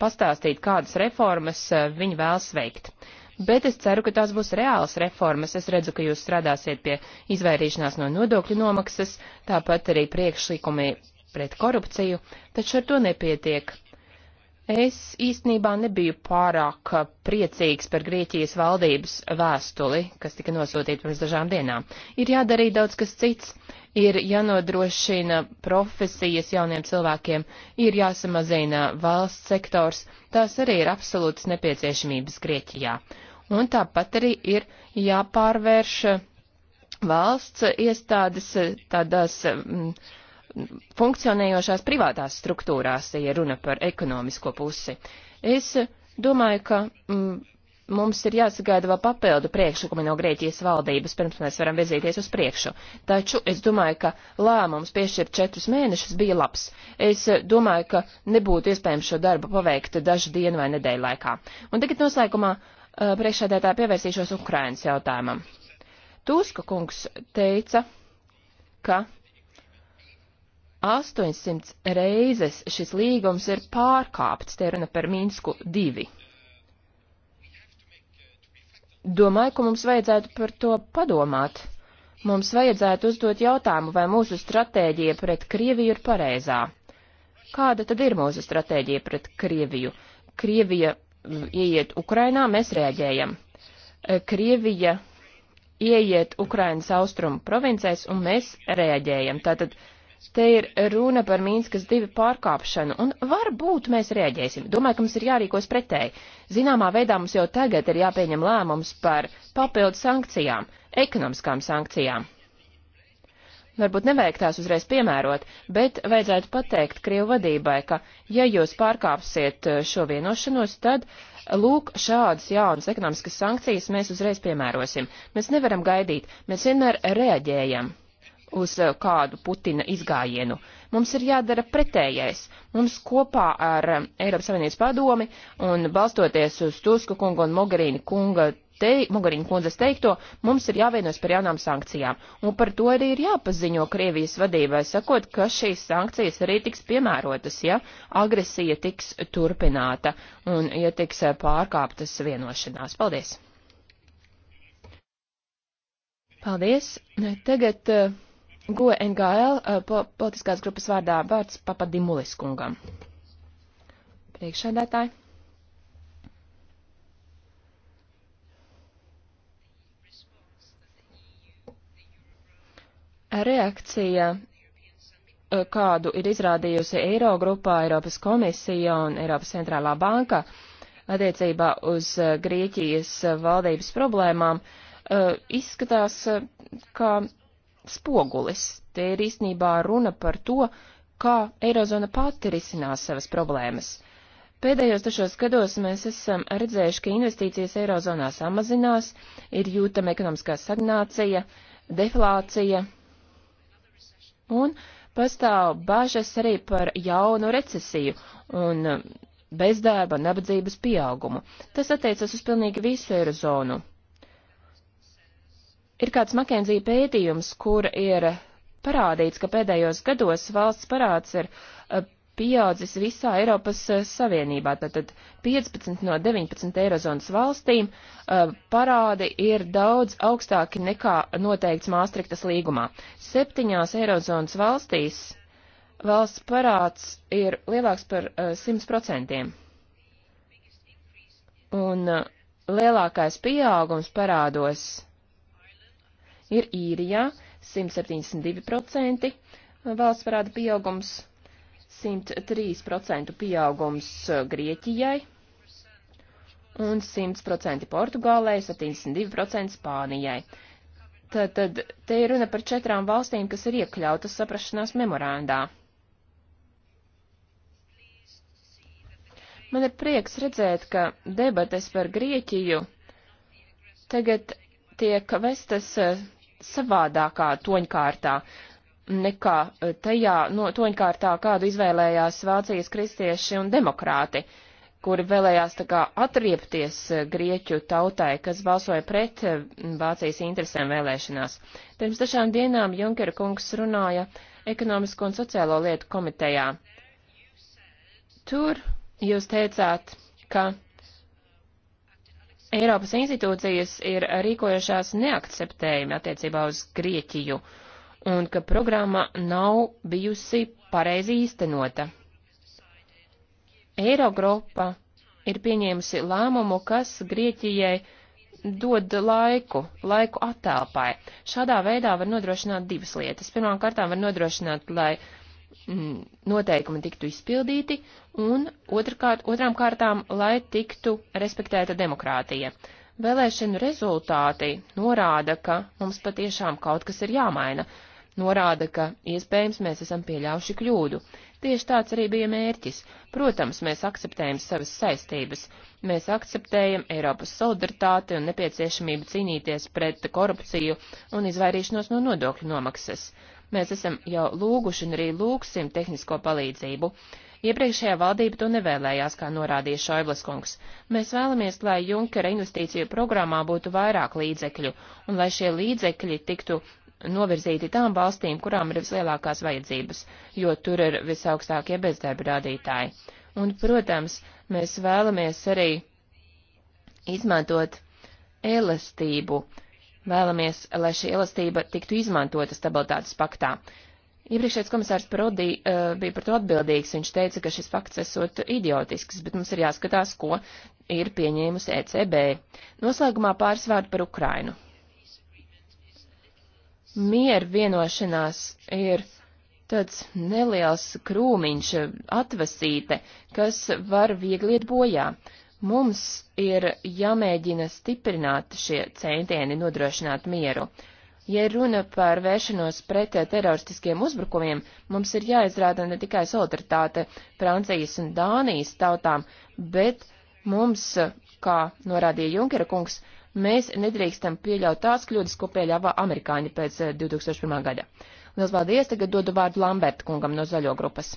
pastāstīt, kādas reformas uh, viņi vēlas veikt. Bet es ceru, ka tās būs reālas reformas. Es redzu, ka jūs strādāsiet pie izvairīšanās no nodokļu nomaksas, tāpat arī priekšlikumi pret korupciju, taču ar to nepietiek. Es īstenībā nebiju pārāk priecīgs par Grieķijas valdības vēstuli, kas tika nosūtīta pirms dažām dienām. Ir jādara daudz kas cits, ir jānodrošina profesijas jauniem cilvēkiem, ir jāsamazina valsts sektors, tās arī ir absolūtas nepieciešamības Grieķijā. Un tāpat arī ir jāpārvērš valsts iestādes tādās. Mm, funkcionējošās privātās struktūrās, ja runa par ekonomisko pusi. Es domāju, ka mm, mums ir jāsagaida vēl papildu priekšlikumi no Grieķijas valdības, pirms mēs varam virzīties uz priekšu. Taču es domāju, ka lēmums piešķirt četrus mēnešus bija labs. Es domāju, ka nebūtu iespējams šo darbu paveikt dažu dienu vai nedēļu laikā. Un tagad noslēgumā priekšādētā pievērsīšos Ukrainas jautājumam. Tuska kungs teica, ka 800 reizes šis līgums ir pārkāpts, te runa par Mīnsku 2. Domāju, ka mums vajadzētu par to padomāt. Mums vajadzētu uzdot jautājumu, vai mūsu stratēģija pret Krieviju ir pareizā. Kāda tad ir mūsu stratēģija pret Krieviju? Krievija ieiet Ukrainā, mēs rēģējam. E, Krievija ieiet Ukrainas austrumu provincēs, un mēs rēģējam. Tātad Te ir runa par Mīnskas divi pārkāpšanu, un varbūt mēs rēģēsim. Domāju, ka mums ir jārīkos pretēji. Zināmā veidā mums jau tagad ir jāpieņem lēmums par papildu sankcijām, ekonomiskām sankcijām. Varbūt nevajag tās uzreiz piemērot, bet vajadzētu pateikt Krievu vadībai, ka ja jūs pārkāpsiet eh, šo vienošanos, tad lūk šādas jaunas ekonomiskas sankcijas mēs uzreiz piemērosim. Mēs nevaram gaidīt, mēs vienmēr reaģējam uz eh, kādu Putina izgājienu. Mums ir jādara pretējais. Mums kopā ar eh, Eiropas Savienības padomi un balstoties uz Tusku kungu un Mogarīni kunga te, Mogarīna kundzes teikto, mums ir jāvienos par jaunām sankcijām. Un par to arī ir jāpaziņo Krievijas vadībai, sakot, ka šīs sankcijas arī tiks piemērotas, ja agresija tiks turpināta un ja tiks eh, pārkāptas vienošanās. Paldies! Paldies! Tagad. Uh, Goe NGL eh, po, politiskās grupas vārdā vārds papadimulis kungam. Priekšsēdētāji. Reakcija, eh, kādu ir izrādījusi Eirogrupā, Eiropas komisija un Eiropas centrālā banka attiecībā uz eh, Grieķijas valdības problēmām, izskatās, ka spogulis. Te ir īstenībā runa par to, kā Eirozona pati risinās savas problēmas. Pēdējos dažos gados mēs esam redzējuši, ka investīcijas Eirozonā samazinās, ir jūtama ekonomiskā stagnācija, deflācija, un pastāv bažas arī par jaunu recesiju un bezdarba, nabadzības pieaugumu. Tas attiecas uz pilnīgi visu Eirozonu. Ir kāds Makenzija pētījums, kur ir parādīts, ka pēdējos gados valsts parāds ir e, pieaudzis visā Eiropas e, Savienībā. Tātad 15 no 19 Eirozonas valstīm e, parādi ir daudz augstāki nekā noteikts Māstriktas līgumā. Septiņās Eirozonas valstīs valsts parāds ir lielāks par 100%. Un lielākais pieaugums parādos ir īrijā 172% valsts parāda pieaugums, 103% pieaugums e, Grieķijai un 100% Portugālei, 72% Spānijai. Tad, tad te ir runa par četrām valstīm, kas ir iekļautas saprašanās memorandā. Man ir prieks redzēt, ka debates par Grieķiju tagad tiek vestas e, savādākā toņkārtā nekā eh, tajā no, toņkārtā, kādu izvēlējās Vācijas kristieši un demokrāti, kuri vēlējās tā kā atriepties eh, grieķu tautai, kas balsoja pret eh, Vācijas interesēm vēlēšanās. Pirms dažām dienām Junkera kungs runāja ekonomisko un sociālo lietu komitejā. Tur jūs teicāt, ka Eiropas institūcijas ir rīkojušās neakceptējumi attiecībā uz Grieķiju un ka programma nav bijusi pareizi īstenota. Eirogrupa ir pieņēmusi lēmumu, kas Grieķijai dod laiku, laiku attēlpai. Šādā veidā var nodrošināt divas lietas. Pirmām kārtām var nodrošināt, lai uh, Mm, noteikumi tiktu izpildīti, un otrkārt, otrām kārtām, lai tiktu respektēta demokrātija. Vēlēšanu rezultāti norāda, ka mums patiešām kaut kas ir jāmaina, norāda, ka iespējams mēs esam pieļauši kļūdu. Tieši tāds arī bija mērķis. Protams, mēs akceptējam savas saistības, mēs akceptējam Eiropas solidaritāti un nepieciešamību cīnīties pret korupciju un izvairīšanos no nodokļu nomaksas. Mēs esam jau lūguši un arī lūgsim tehnisko palīdzību. Iepriekšējā valdība to nevēlējās, kā norādīja Šoiblas kungs. Mēs vēlamies, lai Junkera investīciju programmā būtu vairāk līdzekļu, un lai šie līdzekļi tiktu novirzīti tām valstīm, kurām ir vislielākās vajadzības, jo tur ir visaugstākie bezdarba rādītāji. Un, protams, mēs vēlamies arī izmantot elastību, uh, vēlamies, lai šī elastība tiktu izmantota stabilitātes paktā. Iepriekšējais komisārs Prodi uh, bija par to atbildīgs. Viņš teica, ka šis fakts esot idiotisks, bet mums ir jāskatās, ko ir pieņēmusi ECB. Noslēgumā pāris vārdi par Ukrainu. Mieru vienošanās ir tāds neliels krūmiņš, atvasīte, kas var viegli iet bojā. Uh, Mums ir jāmēģina stiprināt šie centieni nodrošināt mieru. Ja runa par vēršanos pret teroristiskiem uzbrukumiem, mums ir jāizrāda ne tikai solidaritāte Francijas un Dānijas tautām, bet mums, kā norādīja Junkera kungs, mēs nedrīkstam pieļaut tās kļūdas, ko pieļāva amerikāņi pēc 2001. Eh, gada. Lielas paldies, tagad dodu vārdu Lamberta kungam no zaļo grupas.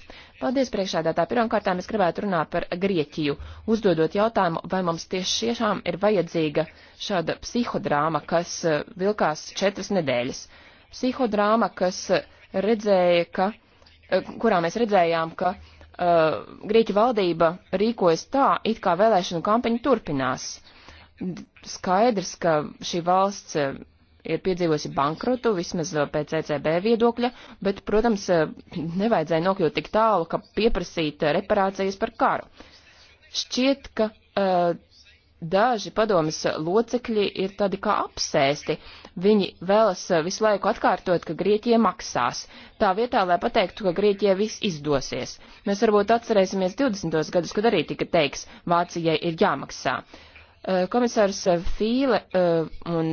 Paldies priekšādātā. Pirmkārtām es gribētu runāt par Grieķiju, uzdodot jautājumu, vai mums tieši tiešām ir vajadzīga šāda psihodrāma, kas eh, vilkās četras nedēļas. Psihodrāma, kas eh, redzēja, ka, eh, kurā mēs redzējām, ka uh, Grieķu valdība rīkojas tā, it kā vēlēšanu kampaņa turpinās. Skaidrs, ka šī valsts ir piedzīvojusi bankrotu, vismaz eh, pēc ECB viedokļa, bet, protams, eh, nevajadzēja nokļūt tik tālu, ka pieprasīt eh, reparācijas par karu. Šķiet, ka uh, daži padomas locekļi ir tādi kā apsēsti. Viņi vēlas visu laiku atkārtot, ka Grieķija maksās. Tā vietā, lai pateiktu, ka Grieķijai viss izdosies. Mēs varbūt atcerēsimies 20. gadus, kad arī tika teiks, Vācijai ir jāmaksā komisārs Fīle un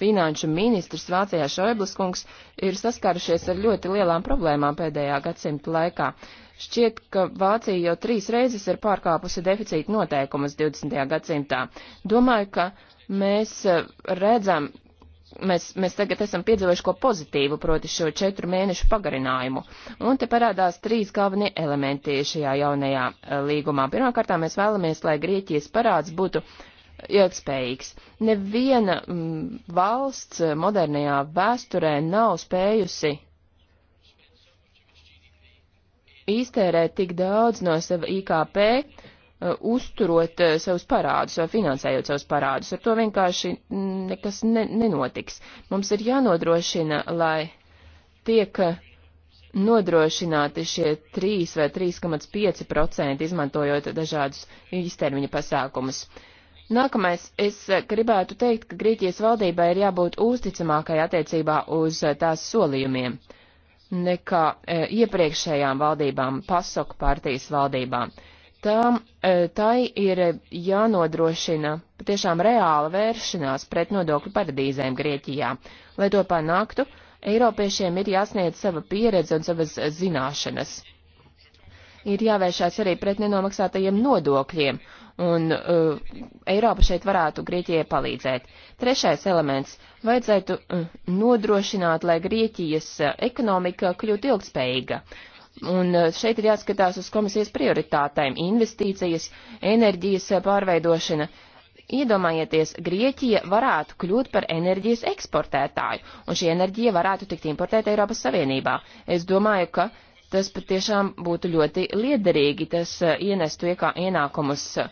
finanšu ministrs Vācijā Šoiblis kungs ir saskārušies ar ļoti lielām problēmām pēdējā gadsimta laikā. Šķiet, ka Vācija jau trīs reizes ir pārkāpusi deficīta noteikumus 20. gadsimtā. Domāju, ka mēs eh, redzam, mēs, mēs tagad esam piedzīvojuši ko pozitīvu, proti šo četru mēnešu pagarinājumu. Un te parādās trīs galvenie elementi šajā jaunajā eh, līgumā. Pirmkārt, mēs vēlamies, lai Grieķijas parāds būtu ilgspējīgs. Neviena m, mm, valsts eh, modernajā vēsturē nav spējusi iztērēt tik daudz no sava IKP, uh, eh, uzturot uh, savus parādus vai finansējot savus parādus. Ar to vienkārši mm, nekas ne, nenotiks. Mums ir jānodrošina, lai tiek nodrošināti šie 3 vai 3,5% izmantojot dažādus īstermiņa pasākumus. Uh, Nākamais, es eh, gribētu teikt, ka Grieķijas valdībai ir jābūt uzticamākai attiecībā uz eh, tās solījumiem nekā e, iepriekšējām valdībām, pasoku partijas valdībām. Tām, e, tai ir jānodrošina patiešām reāla vēršanās pret nodokļu paradīzēm Grieķijā. Lai to panāktu, Eiropiešiem ir jāsniedz sava pieredze un savas zināšanas. Ir jāvēršās arī pret nenomaksātajiem nodokļiem un uh, Eiropa šeit varētu Grieķijai palīdzēt. Trešais elements - vajadzētu uh, nodrošināt, lai Grieķijas uh, ekonomika kļūtu ilgspējīga. Un uh, šeit ir jāskatās uz komisijas prioritātēm - investīcijas, enerģijas uh, pārveidošana. Iedomājieties, Grieķija varētu kļūt par enerģijas eksportētāju, un šī enerģija varētu tikt importēta Eiropas Savienībā. Es domāju, ka uh, Tas patiešām būtu ļoti liederīgi, tas eh, ienestu ienākumus eh,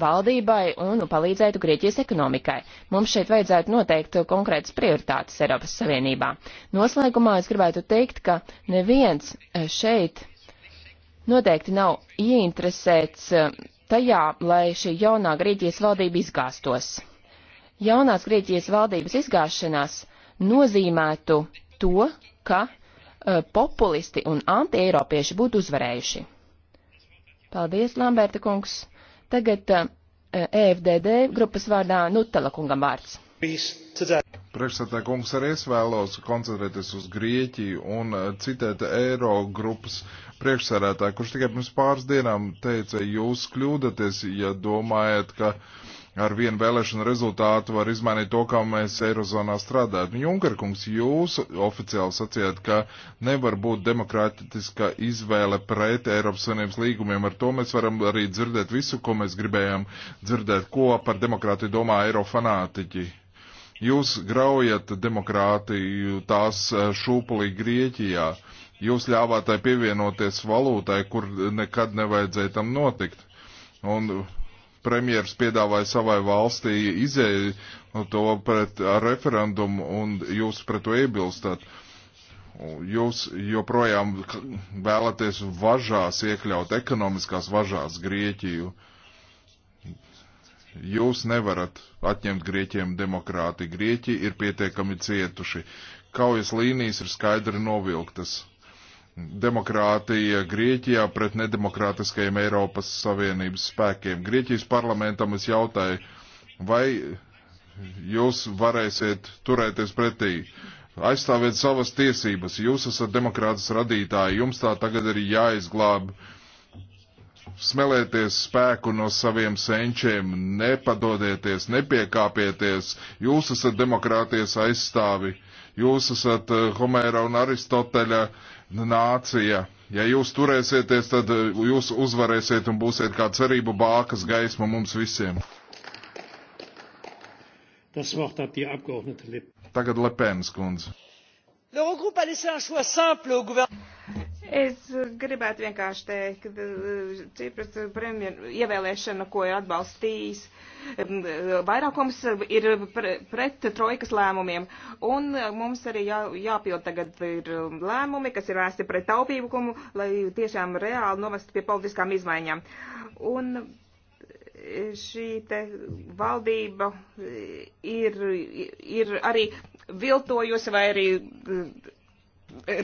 valdībai un palīdzētu Grieķijas ekonomikai. Mums šeit vajadzētu noteikt konkrētas prioritātes Eiropas Savienībā. Noslēgumā es gribētu teikt, ka neviens eh, šeit noteikti nav ieinteresēts tajā, lai šī jaunā Grieķijas valdība izgāstos. Jaunās Grieķijas valdības izgāšanās nozīmētu to, ka Eh, populisti un antieiropieši būtu uzvarējuši. Paldies, Lamberta kungs. Tagad EFDD eh, e grupas vārdā Nutela kungam vārds. Priekšsētā kungs arī es vēlos koncentrēties uz Grieķiju un eh, citēt Eiro grupas priekšsēdētāju, kurš tikai pirms pāris dienām teica, jūs kļūdaties, ja domājat, ka uh, ar vienu vēlēšanu rezultātu var izmainīt to, kā mēs Eirozonā strādājam. Nu, Junkerkungs, jūs oficiāli sacījāt, ka nevar būt demokrātiska izvēle pret Eiropas Savienības līgumiem. Ar to mēs varam arī dzirdēt visu, ko mēs gribējām dzirdēt, ko par demokrātiju domā eirofanātiķi. Jūs graujat demokrātiju tās eh, šūpulī Grieķijā. Jūs ļāvātai pievienoties valūtai, kur nekad nevajadzēja tam notikt. Un premjeras piedāvāja savai valstī izēju nu, to pret referendumu un jūs pret to iebilstat. Jūs joprojām vēlaties važās iekļaut, ekonomiskās važās Grieķiju. Jūs nevarat atņemt Grieķiem demokrāti. Grieķi ir pietiekami cietuši. Kaujas līnijas ir skaidri novilktas demokrātija Grieķijā pret nedemokrātiskajiem Eiropas Savienības spēkiem. Grieķijas parlamentam es jautāju, vai jūs varēsiet turēties pretī, aizstāvēt savas tiesības, jūs esat demokrātas radītāji, jums tā tagad ir jāizglāb. Smelēties spēku no saviem senčiem, nepadodieties, nepiekāpieties, jūs esat demokrātijas aizstāvi, jūs esat eh, Homēra un Aristoteļa uh, Nu, nācija. Ja jūs turēsieties, tad uh, jūs uzvarēsiet un būsiet kā cerību bākas gaisma mums visiem. Tagad Lepens kundze. Es gribētu vienkārši teikt, uh, Cipras uh, premjeru ievēlēšana, ko ir atbalstījis vairākums ir pret trojkas lēmumiem. Un e, mums arī jā, jāpild tagad ir lēmumi, kas ir vērsti pret taupīgumu, lai tiešām reāli novest pie politiskām izmaiņām. Un e, šī te valdība e, ir, ir arī viltojusi vai arī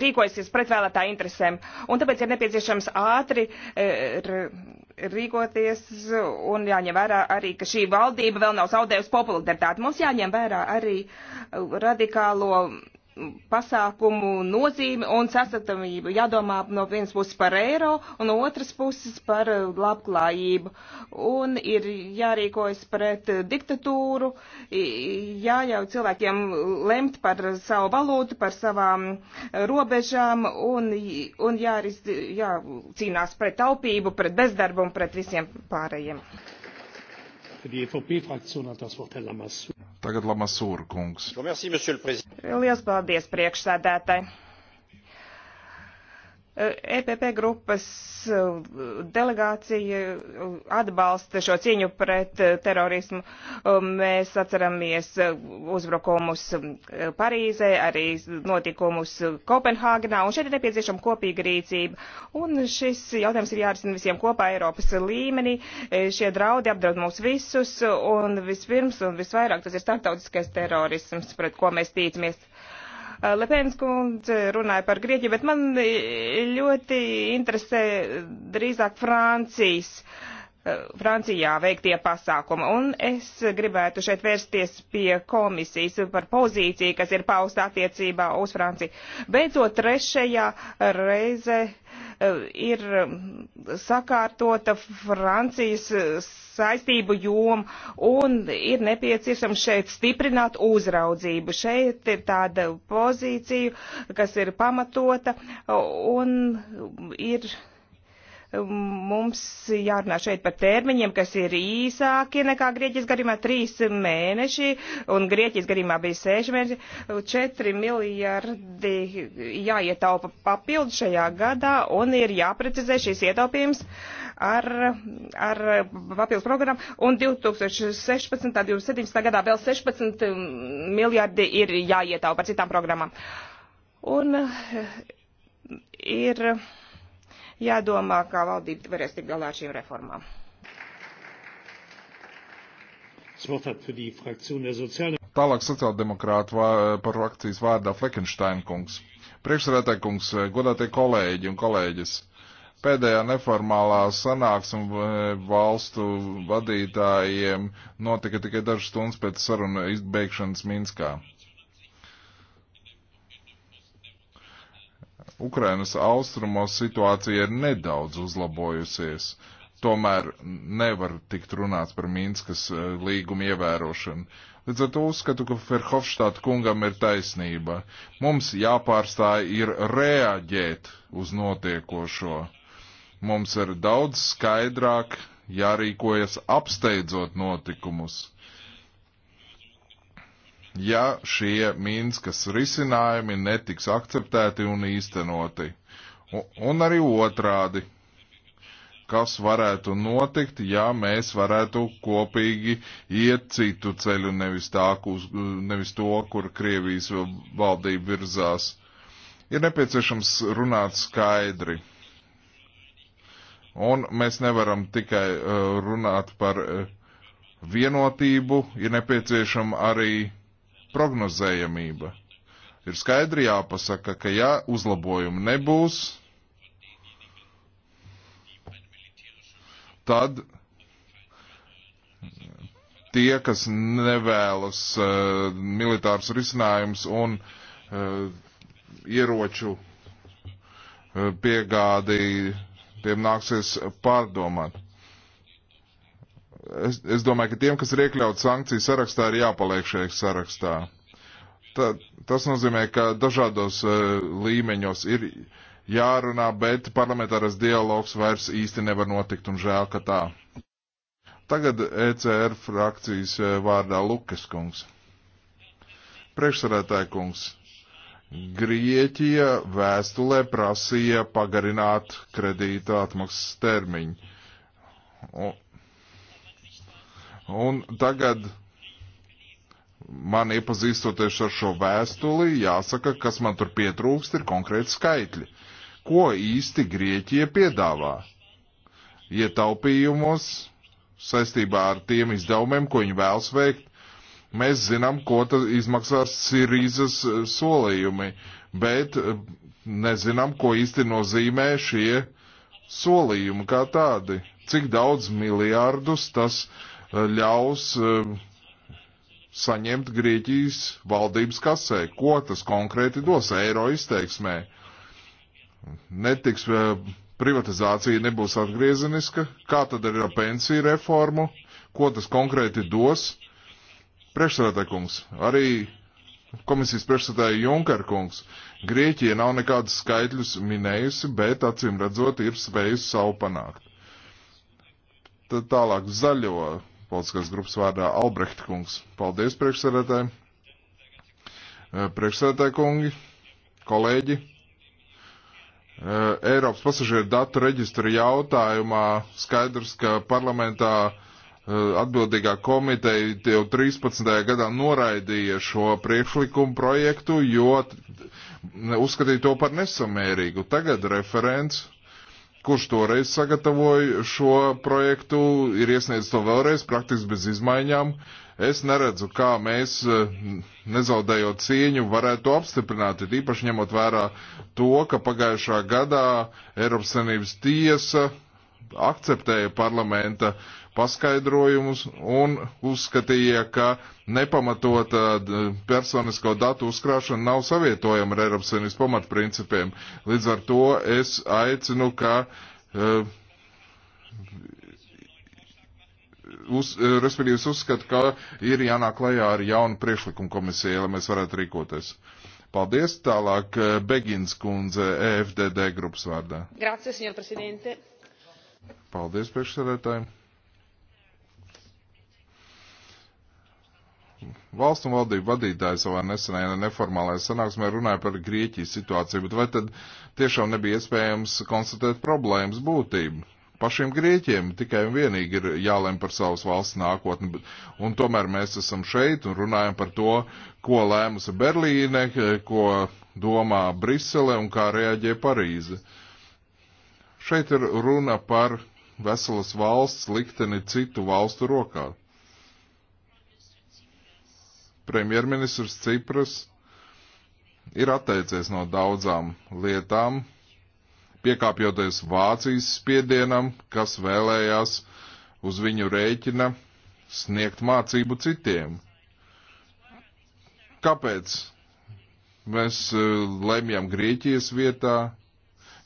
rīkojasies pretvēlētā interesēm. Un tāpēc ir nepieciešams ātri rīkoties un jāņem vērā arī, ka šī valdība vēl nav zaudējusi popularitāti. Mums jāņem vērā arī radikālo pasākumu nozīmi un sastatamību. Jādomā no vienas puses par eiro un no otras puses par eh, labklājību. Un ir jārīkojas pret diktatūru, jāļauj cilvēkiem lemt par savu valūtu, par savām eh, robežām un, un jāriz, jācīnās pret taupību, pret bezdarbu un pret visiem pārējiem. E Tagad Lamasūra kungs. Lielas paldies priekšsēdētāji! EPP grupas e, delegācija atbalsta šo cīņu pret e, terorismu. E, mēs atceramies uzbrukumus Parīzē, arī notikumus Kopenhāgenā, un šeit ir nepieciešama kopīga rīcība. Un šis jautājums ir jārisina visiem kopā Eiropas līmenī. Šie draudi apdraud mūs visus, un vispirms un visvairāk tas ir starptautiskais terorisms, pret ko mēs tīcamies. Lepēns kundze runāja par Grieķiju, bet man ļoti interesē drīzāk Francijas uh, Francijā veiktie pasākumi. Un es gribētu šeit vērsties pie komisijas par pozīciju, kas ir pausta attiecībā uz Franciju. Beidzot, trešajā reize eh, ir sakārtota Francijas saistību joma un ir nepieciešams šeit stiprināt uzraudzību. Šeit ir tāda pozīcija, kas ir pamatota un ir mums jārunā šeit par termiņiem, kas ir īsāki nekā Grieķijas gadījumā - trīs mēneši, un Grieķijas gadījumā bija seši mēneši. Četri miljardi jāietaupa papildu šajā gadā, un ir jāprecizē šīs ietaupījums ar, ar papildus programmu, un 2016. un 2017. gadā vēl 16 miljardi ir jāietaupa par citām programmām. Un ir jādomā, kā valdība varēs tikt galā ar šīm reformām. Tālāk sociāldemokrāta par akcijas vārdā Fleckensteina kungs. Priekšsēdētāji kungs, godātie kolēģi un kolēģis pēdējā neformālā sanāksme eh, valstu vadītājiem notika tikai dažas stundas pēc saruna izbeigšanas Minskā. Ukrainas austrumos situācija ir nedaudz uzlabojusies. Tomēr nevar tikt runāts par Minskas eh, līguma ievērošanu. Līdz ar to uzskatu, ka Ferhofštāt kungam ir taisnība. Mums jāpārstāj ir reaģēt uz notiekošo. Mums ir daudz skaidrāk jārīkojas apsteidzot notikumus ja šie Minskas risinājumi netiks akceptēti un īstenoti. Un arī otrādi, kas varētu notikt, ja mēs varētu kopīgi iet citu ceļu, nevis, tā, uz, nevis to, kur Krievijas valdība virzās. Ir nepieciešams runāt skaidri. Un mēs nevaram tikai uh, runāt par uh, vienotību, ir nepieciešama arī uh, prognozējamība. Ir skaidri jāpasaka, ka ja uzlabojumu nebūs, tad tie, kas nevēlas uh, eh, militārus risinājumus un uh, ieroču uh, piegādi, tiem nāksies pārdomāt es, es domāju, ka tiem, kas ir iekļauts sankciju sarakstā, ir jāpaliek šajā sarakstā. Ta, tas nozīmē, ka dažādos uh, līmeņos ir jārunā, bet parlamentāras dialogs vairs īsti nevar notikt, un žēl, ka tā. Tagad ECR frakcijas e, vārdā Lukas kungs. Priekšsarētāja kungs. Grieķija vēstulē prasīja pagarināt kredīta atmaksas termiņu. Un, Un tagad man iepazīstoties ar šo vēstuli, jāsaka, kas man tur pietrūkst, ir konkrēti skaitļi. Ko īsti Grieķija piedāvā? Ietaupījumos saistībā ar tiem izdevumiem, ko viņi vēlas veikt. Mēs zinām, ko tas izmaksās Sirīzas eh, solījumi, bet eh, nezinām, ko īsti nozīmē šie solījumi kā tādi. Cik daudz miljārdus tas uh, ļaus e, saņemt Grieķijas valdības kasē. Ko tas konkrēti dos eiro izteiksmē? Netiks e, privatizācija nebūs atgriezeniska. Kā tad ir ar pensiju reformu? Ko tas konkrēti dos? Priekšsēdētājs, arī komisijas priekšsēdētāja Junkerkungs, Grieķija nav nekādus skaitļus minējusi, bet acīm redzot ir spējusi savu panākt. Tad tālāk zaļo politiskās grupas vārdā Albrecht kungs. Paldies, priekšsēdētāji. Eh, priekšsēdētāji kungi, kolēģi. Eh, Eiropas pasažieru datu reģistra jautājumā skaidrs, ka parlamentā eh, atbildīgā komiteja jau 13. gadā noraidīja šo priekšlikumu projektu, jo uzskatīja to par nesamērīgu. Tagad referents kurš toreiz sagatavoja šo projektu, ir iesniedzis to vēlreiz, praktiski bez izmaiņām. Es neredzu, kā mēs, eh, nezaudējot cieņu, varētu to apstiprināt, ir īpaši ņemot vērā to, ka pagājušā gadā Eiropas Savienības tiesa akceptēja parlamenta uh, paskaidrojumus un uzskatīja, ka nepamatota eh, personisko datu uzkrāšana nav savietojama ar Eiropas Savienības pamatprincipiem. Līdz ar to es aicinu, ka uh, uz, eh, respektīvi es uzskatu, ka ir jānāk lajā ar jaunu priekšlikumu komisiju, lai mēs varētu rīkoties. Paldies, tālāk Begins kundze EFDD grupas vārdā. Grazie, signor presidente. Paldies, priekšsēdētāji. valstu un valdību vadītāji savā nesenajā neformālajā sanāksmē runāja par Grieķijas situāciju, bet vai tad tiešām nebija iespējams konstatēt problēmas būtību? Pašiem Grieķiem tikai un vienīgi ir jālem par savas valsts nākotni, un tomēr mēs esam šeit un runājam par to, ko lēmusi Berlīne, ko domā Brisele un kā reaģē Parīze. Šeit ir runa par veselas valsts likteni citu valstu rokās premjerministrs Cipras ir atteicies no daudzām lietām, piekāpjoties Vācijas spiedienam, kas vēlējās uz viņu rēķina sniegt mācību citiem. Kāpēc mēs e, lemjam Grieķijas vietā,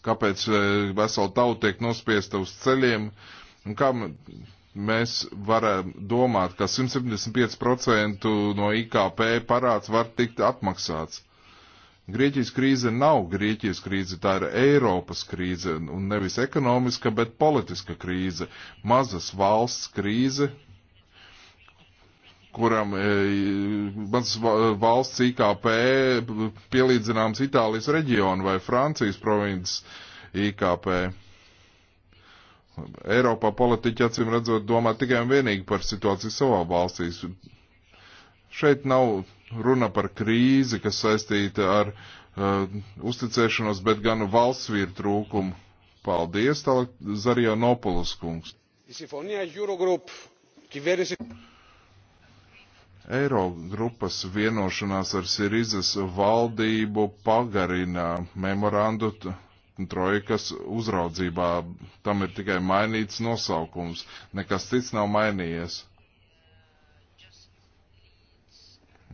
kāpēc e, vesela tauta tiek nospiesta uz ceļiem, un kā mēs varam domāt, ka 175% no IKP parāds var tikt apmaksāts. Grieķijas krīze nav Grieķijas krīze, tā ir Eiropas krīze, un nevis ekonomiska, bet politiska krīze. Mazas valsts krīze, kuram e, mazas valsts IKP pielīdzināms Itālijas reģionu vai Francijas provinces IKP. Eiropā politiķi acīm redzot domā tikai un vienīgi par situāciju savā valstīs. Šeit nav runa par krīzi, kas saistīta ar uh, uzticēšanos, bet gan valsts vīru trūkumu. Paldies, tālāk Zarijo Nopolus kungs. Eirogrupas vienošanās ar Sirizas valdību pagarina memorandu trojkas uzraudzībā. Tam ir tikai mainīts nosaukums, nekas cits nav mainījies.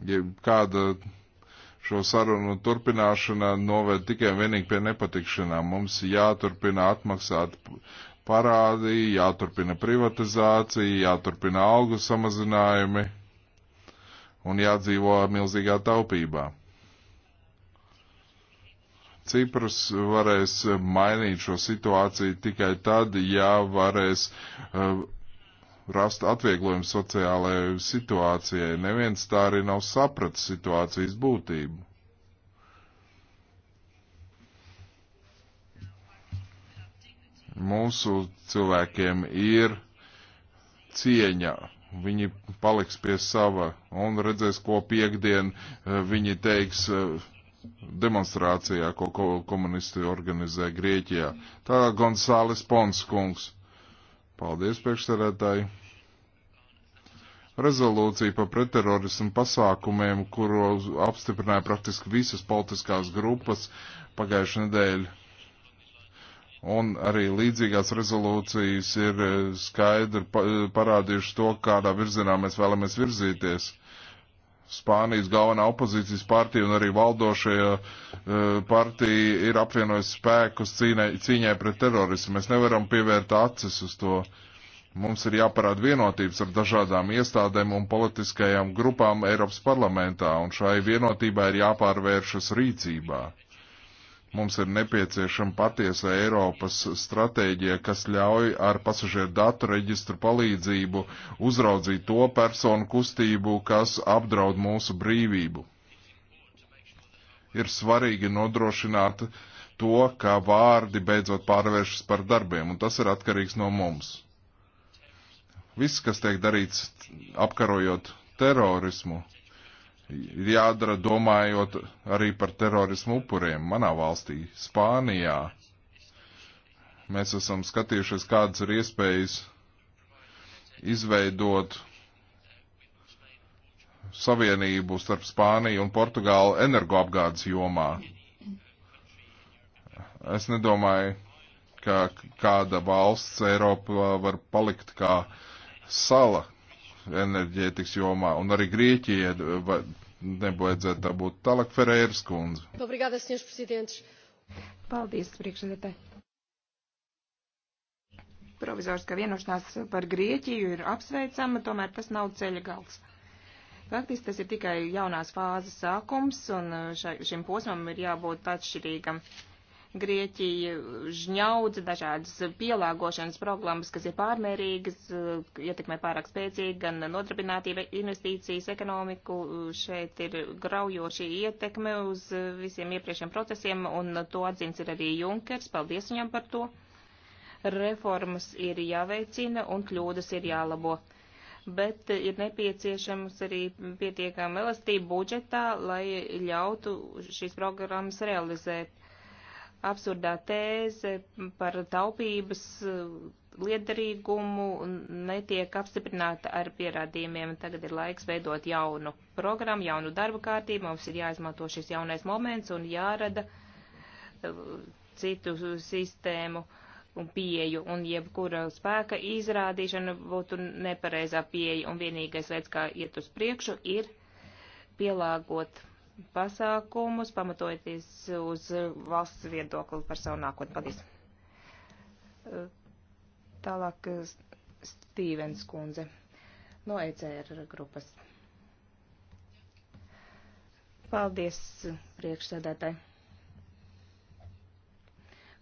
Ja kāda šo sarunu turpināšana noved tikai un vienīgi pie nepatikšanām. Mums jāturpina atmaksāt parādi, jāturpina privatizācija, jāturpina algu samazinājumi un jādzīvo milzīgā taupībā. Cipras varēs mainīt šo situāciju tikai tad, ja varēs uh, rast atvieglojumu sociālajai situācijai. Neviens tā arī nav sapratis situācijas būtību. Mūsu cilvēkiem ir cieņa viņi paliks pie sava un redzēs, ko piekdien uh, viņi teiks uh, demonstrācijā, ko, ko komunisti organizē Grieķijā. Tā Gonzāles Pons kungs. Paldies, priekšsarētāji. Rezolūcija par pretterorismu pasākumiem, kuru apstiprināja praktiski visas politiskās grupas pagājušajā nedēļā. Un arī līdzīgās rezolūcijas ir skaidri parādījuši to, kādā virzienā mēs vēlamies virzīties Spānijas galvenā opozīcijas partija un arī valdošajā e, partija ir apvienojusi spēkus cīnē, cīņai pret terorismu. Mēs nevaram pievērt acis uz to. Mums ir jāparāda vienotības ar dažādām iestādēm un politiskajām grupām Eiropas parlamentā, un šai vienotībai ir jāpārvēršas rīcībā. Mums ir nepieciešama patiesa Eiropas stratēģija, kas ļauj ar pasažieru datu reģistru palīdzību uzraudzīt to personu kustību, kas apdraud mūsu brīvību. Ir svarīgi nodrošināt to, ka vārdi beidzot pārvēršas par darbiem, un tas ir atkarīgs no mums. Viss, kas tiek darīts apkarojot terorismu, ir jādara domājot arī par terorismu upuriem manā valstī, Spānijā. Mēs esam skatījušies, kādas ir iespējas izveidot savienību starp Spāniju un Portugālu energoapgādes jomā. Es nedomāju, ka kāda valsts Eiropā var palikt kā sala, enerģētikas jomā, un arī Grieķija nebaidzētu dabūt tālāk Ferēras kundze. Obrigada, senjors prezidents. Paldies, priekšsēdētāji. Provizoriskā vienošanās par Grieķiju ir apsveicama, tomēr tas nav ceļa gals. Faktiski tas ir tikai jaunās fāzes sākums, un šai, šim posmam ir jābūt atšķirīgam. Uh, Grieķija žņaudz dažādas pielāgošanas programmas, kas ir pārmērīgas, ietekmē pārāk spēcīgi gan nodarbinātība, investīcijas, ekonomiku. Šeit ir graujoši ietekme uz visiem iepriekšējiem procesiem, un to atzins ir arī Junkers. Paldies viņam par to. Reformas ir jāveicina un kļūdas ir jālabo. Bet ir nepieciešams arī pietiekama elastība budžetā, lai ļautu šīs programmas realizēt absurdā tēze par taupības eh, liederīgumu netiek apstiprināta ar pierādījumiem. Tagad ir laiks veidot jaunu programmu, jaunu darba kārtību. Mums ir jāizmanto šis jaunais moments un jārada eh, citu sistēmu un pieju, un jebkura spēka izrādīšana būtu nepareizā pieeja, un vienīgais veids, kā iet uz priekšu, ir pielāgot pasākumus, pamatojoties uz valsts viedokli par savu nākotni. Paldies. Tālāk Stīvens kundze no ECR grupas. Paldies priekšsēdētāji.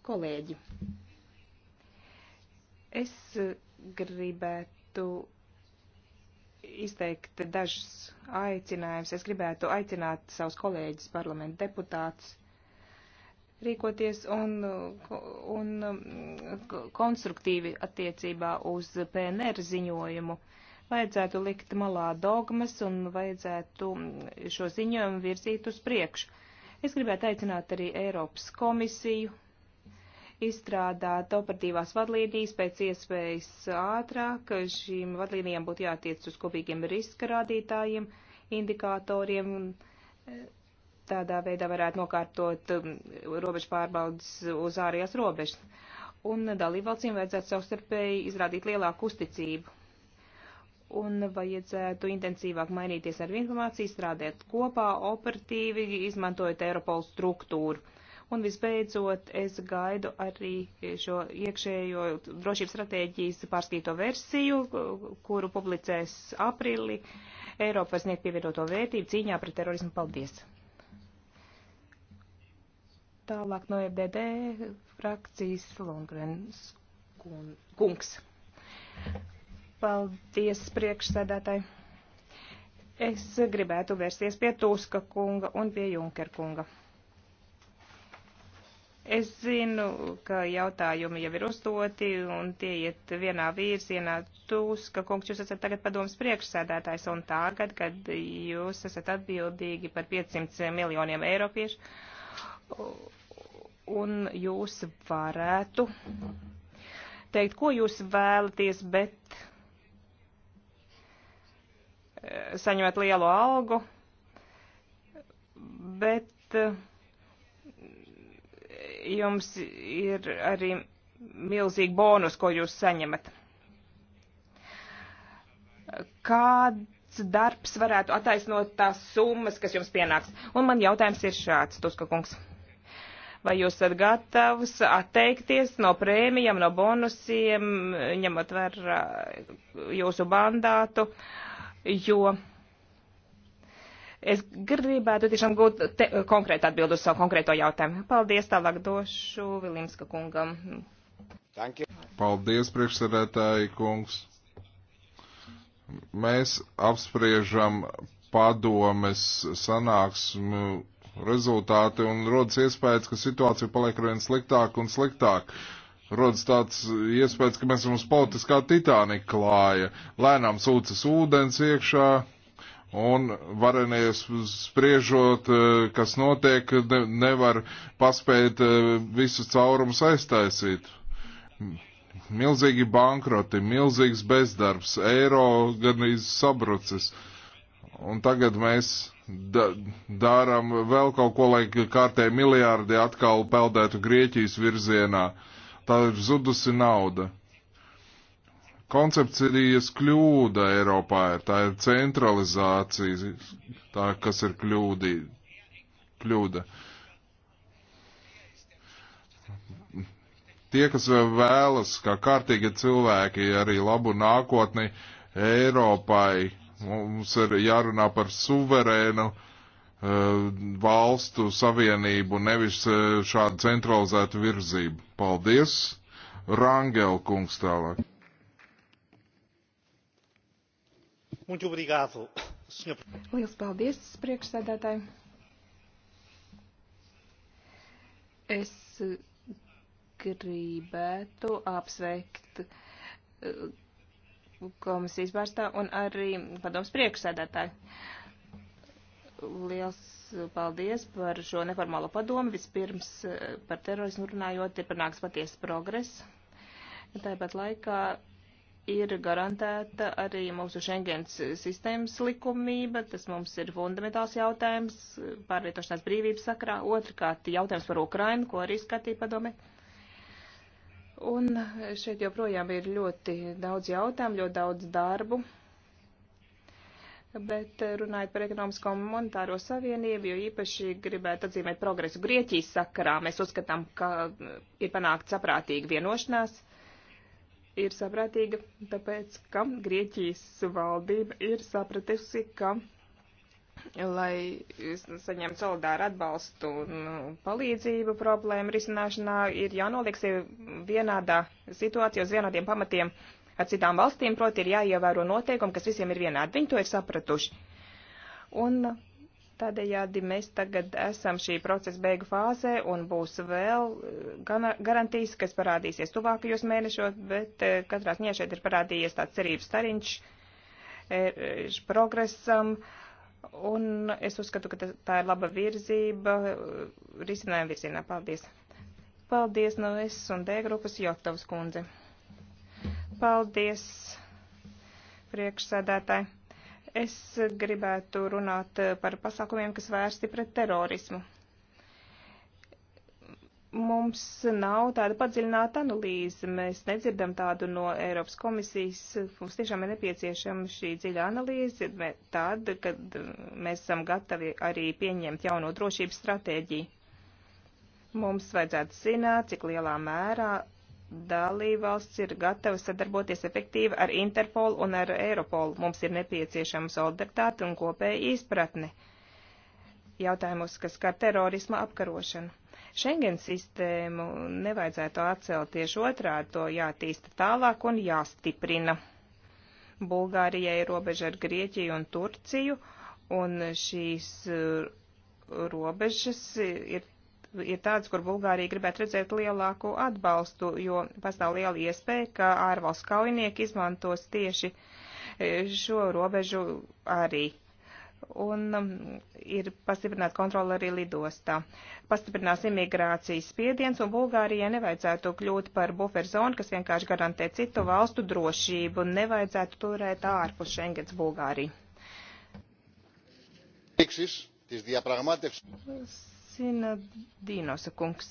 Kolēģi, es gribētu izteikt dažus aicinājumus. Es gribētu aicināt savus kolēģus, parlamentu deputātus, rīkoties un, un um, konstruktīvi attiecībā uz PNR ziņojumu. Vajadzētu likt malā dogmas un vajadzētu šo ziņojumu virzīt uz priekšu. Es gribētu aicināt arī Eiropas komisiju izstrādāt operatīvās vadlīnijas pēc iespējas ātrāk, šīm vadlīnijām būtu jātiec uz kopīgiem riska rādītājiem, indikatoriem. Tādā veidā varētu nokārtot um, robežu pārbaudas uz ārējās robežas. Un dalībvalstīm vajadzētu savstarpēji izrādīt lielāku uzticību. Un vajadzētu intensīvāk mainīties ar informāciju, strādāt kopā operatīvi, izmantojot Eiropola struktūru Un visbeidzot, es gaidu arī šo iekšējo drošības stratēģijas pārskatīto versiju, kuru publicēs aprīli. Eiropa sniegt pievienoto vērtību cīņā pret terorismu. Paldies! Tālāk no FDD frakcijas Lungrens kungs. Paldies, priekšsēdētāji! Es gribētu vērsties pie Tuska kunga un pie Junker kunga Es zinu, ka jautājumi jau ir uzdoti un tie iet vienā virzienā. Tuska kungs, jūs esat tagad padomas priekšsēdētājs un tagad, kad jūs esat atbildīgi par 500 miljoniem eiropiešu un jūs varētu teikt, ko jūs vēlaties, bet eh, saņemat lielu algu, bet uh, jums ir arī milzīgi bonus, ko jūs saņemat. Kāds darbs varētu attaisnot tās summas, kas jums pienāks? Un man jautājums ir šāds, Tuska kungs. Vai jūs esat gatavs atteikties no prēmijām, no bonusiem, ņemot vērā jūsu bandātu, jo Es gribētu tiešām gūt te, konkrētu atbildu uz savu konkrēto jautājumu. Paldies, tālāk došu Vilimska kungam. Paldies, priekšsarētāji kungs. Mēs apspriežam padomes sanāksmu rezultāti un rodas iespējas, ka situācija paliek arvien sliktāk un sliktāk. Rodas tāds iespējas, ka mēs esam uz politiskā titānika klāja. Lēnām sūcas ūdens iekšā, Un varenies spriežot, e, kas notiek, nevar paspēt e, visus caurumus aiztaisīt. Milzīgi bankroti, milzīgs bezdarbs, eiro gandrīz sabrucis. Un tagad mēs da dārām vēl kaut ko, lai kārtē miljārdi atkal peldētu Grieķijas virzienā. Tā ir zudusi nauda koncepcijas kļūda Eiropā ir. Tā ir centralizācija, tā, kas ir kļūdī, kļūda. Tie, kas vēlas, kā kārtīgi cilvēki, arī labu nākotni Eiropai, mums ir jārunā par suverēnu uh, valstu savienību, nevis uh, šādu centralizētu virzību. Paldies! Rangel kungs tālāk. Muito obrigado, senhor. Liels paldies, priekšsēdētāji. Es gribētu apsveikt uh, komisijas bārstā un arī padoms priekšsēdētāju. Liels paldies par šo neformālo padomu. Vispirms uh, par terorismu runājot, ir panāks patiesa progress. Tāpat laikā ir garantēta arī mūsu Schengens sistēmas likumība, tas mums ir fundamentāls jautājums pārvietošanās brīvības sakrā, otrkārt jautājums par Ukrainu, ko arī skatīja padome. Un šeit joprojām ir ļoti daudz jautājumu, ļoti daudz darbu, bet runājot par ekonomisko un monetāro savienību, jo īpaši gribētu atzīmēt progresu Grieķijas sakarā, mēs uzskatām, ka ir panākt saprātīga vienošanās ir saprātīga, tāpēc, ka Grieķijas valdība ir sapratusi, ka, lai saņemtu solidāru atbalstu un nu, palīdzību problēmu risināšanā, ir jānoliek sevi vienādā situācijā uz vienādiem pamatiem ar citām valstīm, proti ir jāievēro noteikumi, kas visiem ir vienādi. Viņi to ir sapratuši. Un Tādējādi mēs tagad esam šī procesa beigu fāzē un būs vēl eh, garantijas, kas parādīsies tuvākajos mēnešos, bet eh, katrā ziņā šeit ir parādījies tāds cerības stariņš er, progresam. Un es uzskatu, ka tā ir laba virzība eh, risinājuma virzienā. Paldies! Paldies no nu, S un D grupas Jotovs kundze. Paldies, priekšsēdētāji! Es gribētu runāt eh, par pasākumiem, kas vērsti pret terorismu. Mums nav tāda padziļināta analīze, mēs nedzirdam tādu no Eiropas komisijas. Mums tiešām ir nepieciešama šī dziļa analīze, tad, kad eh, mēs esam gatavi arī pieņemt jauno drošības stratēģiju. Mums vajadzētu zināt, cik lielā mērā dalībvalsts ir gatava sadarboties efektīvi ar Interpolu un ar Eiropolu. Mums ir nepieciešama solidaritāte un kopēja izpratne jautājumos, kas skar terorisma apkarošanu. Schengen sistēmu nevajadzētu atcelt tieši otrādi, to jātīsta tālāk un jāstiprina. Bulgārijai robeža ar Grieķiju un Turciju, un šīs uh, robežas ir ir tādas, kur Bulgārija gribētu redzēt lielāku atbalstu, jo pastāv liela iespēja, ka ārvalsts kaujinieki izmantos tieši e, šo robežu arī. Un um, ir pastiprināta kontrola arī lidostā. Pastiprinās imigrācijas spiediens, un Bulgārijai nevajadzētu kļūt par buferzonu, kas vienkārši garantē citu valstu drošību, un nevajadzētu turēt ārpus Schengens Bulgāriju. Εξής, της διαπραγμάτευσης ierosina Dīnosa kungs.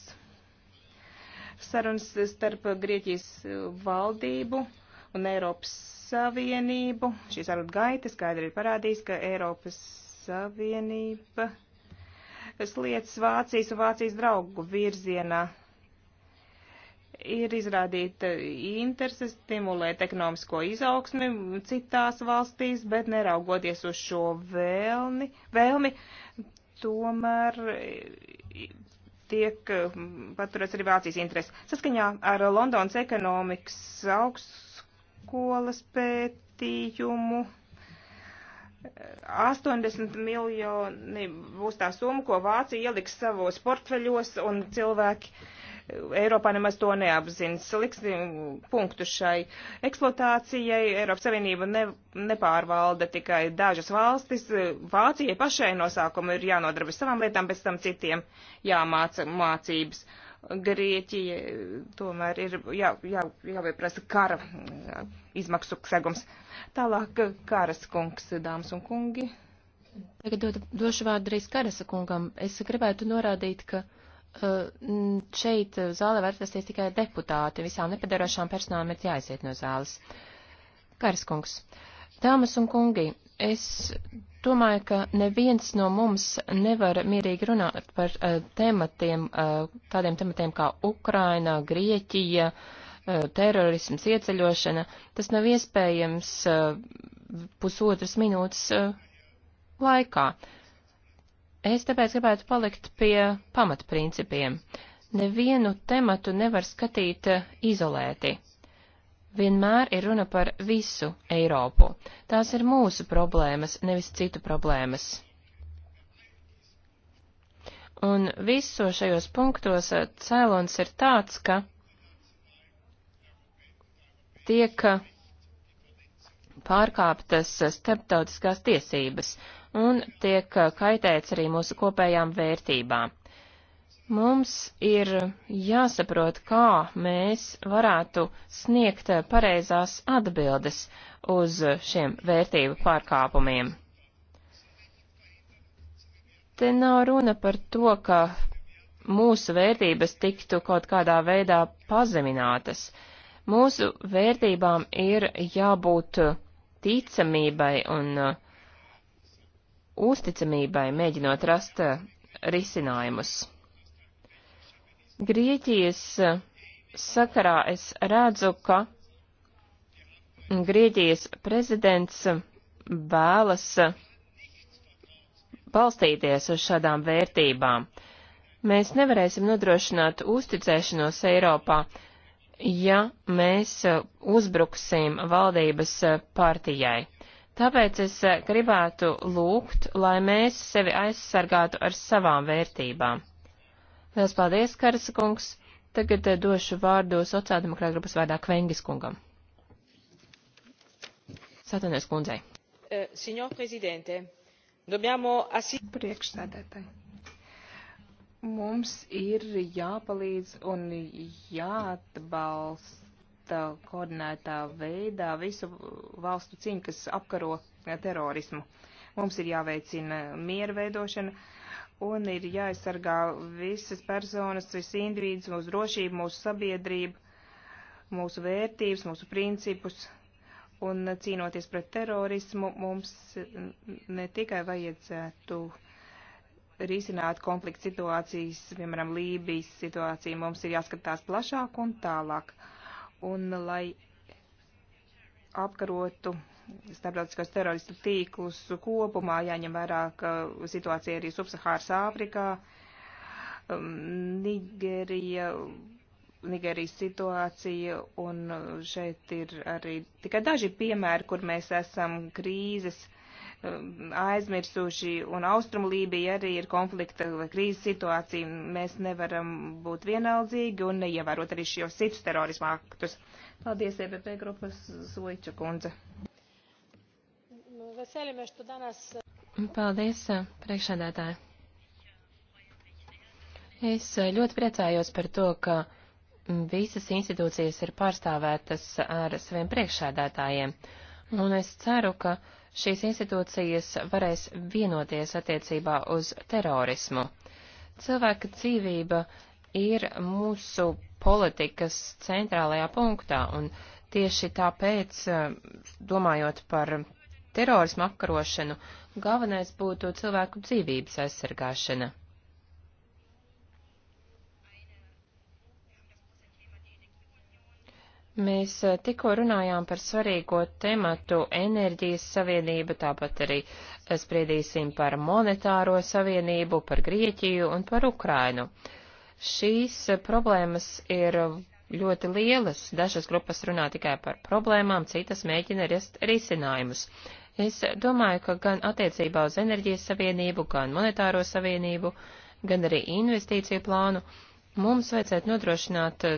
Sarunas starp Grieķijas valdību un Eiropas Savienību. Šī saruna gaita skaidri ir parādījis, ka Eiropas Savienība sliedz Vācijas un Vācijas draugu virzienā. Ir izrādīta interese stimulēt ekonomisko izaugsmi citās valstīs, bet neraugoties uz šo vēlni, vēlmi, tomēr tiek paturēts arī Vācijas interesi. Saskaņā ar Londonas ekonomikas augstskolas pētījumu 80 miljoni būs tā summa, ko Vācija ieliks savos portfeļos un cilvēki Eiropā nemaz to neapzinas. Liksim punktu šai eksploatācijai. Eiropas Savienība ne, nepārvalda tikai dažas valstis. Vācijai pašai no sākuma ir jānodarbojas savām lietām, pēc tam citiem jāmāca mācības. Grieķija tomēr ir jā, jā, jāpieprasa kara izmaksu segums. Tālāk karas kungs, dāmas un kungi. Tagad do, došu vārdu arī Karasa kungam. Es gribētu norādīt, ka uh, šeit zālē var atrasties tikai deputāti, visām nepadarošām personām ir jāiziet no zāles. Karskungs, dāmas un kungi, es domāju, ka neviens no mums nevar mierīgi runāt par uh, tematiem, uh, tādiem tematiem kā Ukraina, Grieķija, uh, terorisms, ieceļošana. Tas nav iespējams uh, pusotras minūtes uh, laikā. Uh, Es tāpēc gribētu palikt pie pamatprincipiem. Nevienu tematu nevar skatīt eh, izolēti. Vienmēr ir runa par visu Eiropu. Tās ir mūsu problēmas, nevis citu problēmas. Un viso šajos punktos eh, cēlons ir tāds, ka tiek eh, pārkāptas starptautiskās tiesības, un tiek uh, kaitēts arī mūsu kopējām vērtībām. Mums ir jāsaprot, kā mēs varētu sniegt uh, pareizās atbildes uz šiem vērtību pārkāpumiem. Te nav runa par to, ka mūsu vērtības tiktu kaut kādā veidā pazeminātas. Mūsu vērtībām ir jābūt ticamībai un uh, uzticamībai, mēģinot rast eh, risinājumus. Grieķijas eh, sakarā es redzu, ka Grieķijas prezidents eh, vēlas balstīties uz šādām vērtībām. Mēs nevarēsim nodrošināt uzticēšanos Eiropā, ja mēs uzbruksim valdības partijai. Tāpēc es eh, gribētu lūgt, lai mēs sevi aizsargātu ar savām vērtībām. Lielas paldies, Karasa kungs! Tagad eh, došu vārdu sociāldemokrāta grupas vārdā Kvengis kungam. Satanies kundzei. Eh, signor prezidente, dobjamo asi... Priekšsēdētāji. Mums ir jāpalīdz un jāatbalsta atbalsta koordinētā veidā visu valstu cīņu, kas apkaro eh, terorismu. Mums ir jāveicina mieru veidošana un ir jāaizsargā visas personas, visi individus, mūsu drošību, mūsu sabiedrību, mūsu vērtības, mūsu principus. Un eh, cīnoties pret terorismu, mums mm, ne tikai vajadzētu risināt konflikta situācijas, piemēram, Lībijas situāciju, mums ir jāskatās plašāk un tālāk. Uh, un lai apkarotu starptautiskos teroristu tīklus kopumā, jāņem vērā, ka situācija arī subsahāras Āfrikā, um, Nigerija, Nigerijas situācija, un šeit ir arī tikai daži piemēri, kur mēs esam krīzes uh, aizmirsuši, un Austrumu Lībija arī ir konflikta vai krīzes situācija. Mēs nevaram būt vienaldzīgi un neievērot arī šos citus terorismu aktus. Paldies, EPP grupas Zoiča kundze. Paldies, priekšsēdētāji. Es ļoti priecājos par to, ka visas institūcijas ir pārstāvētas ar saviem priekšsēdētājiem, un es ceru, ka šīs institūcijas varēs vienoties attiecībā uz terorismu. Cilvēka dzīvība ir mūsu politikas centrālajā punktā, un tieši tāpēc, eh, domājot par terorismu apkarošanu, galvenais būtu cilvēku dzīvības aizsargāšana. Mēs eh, tikko runājām par svarīgo tematu enerģijas savienību, tāpat arī eh, spriedīsim par monetāro savienību, par Grieķiju un par Ukrainu. Šīs eh, problēmas ir ļoti lielas, dažas grupas runā tikai par problēmām, citas mēģina rast risinājumus. Es domāju, ka gan attiecībā uz enerģijas savienību, gan monetāro savienību, gan arī investīciju plānu Mums vajadzētu nodrošināt eh,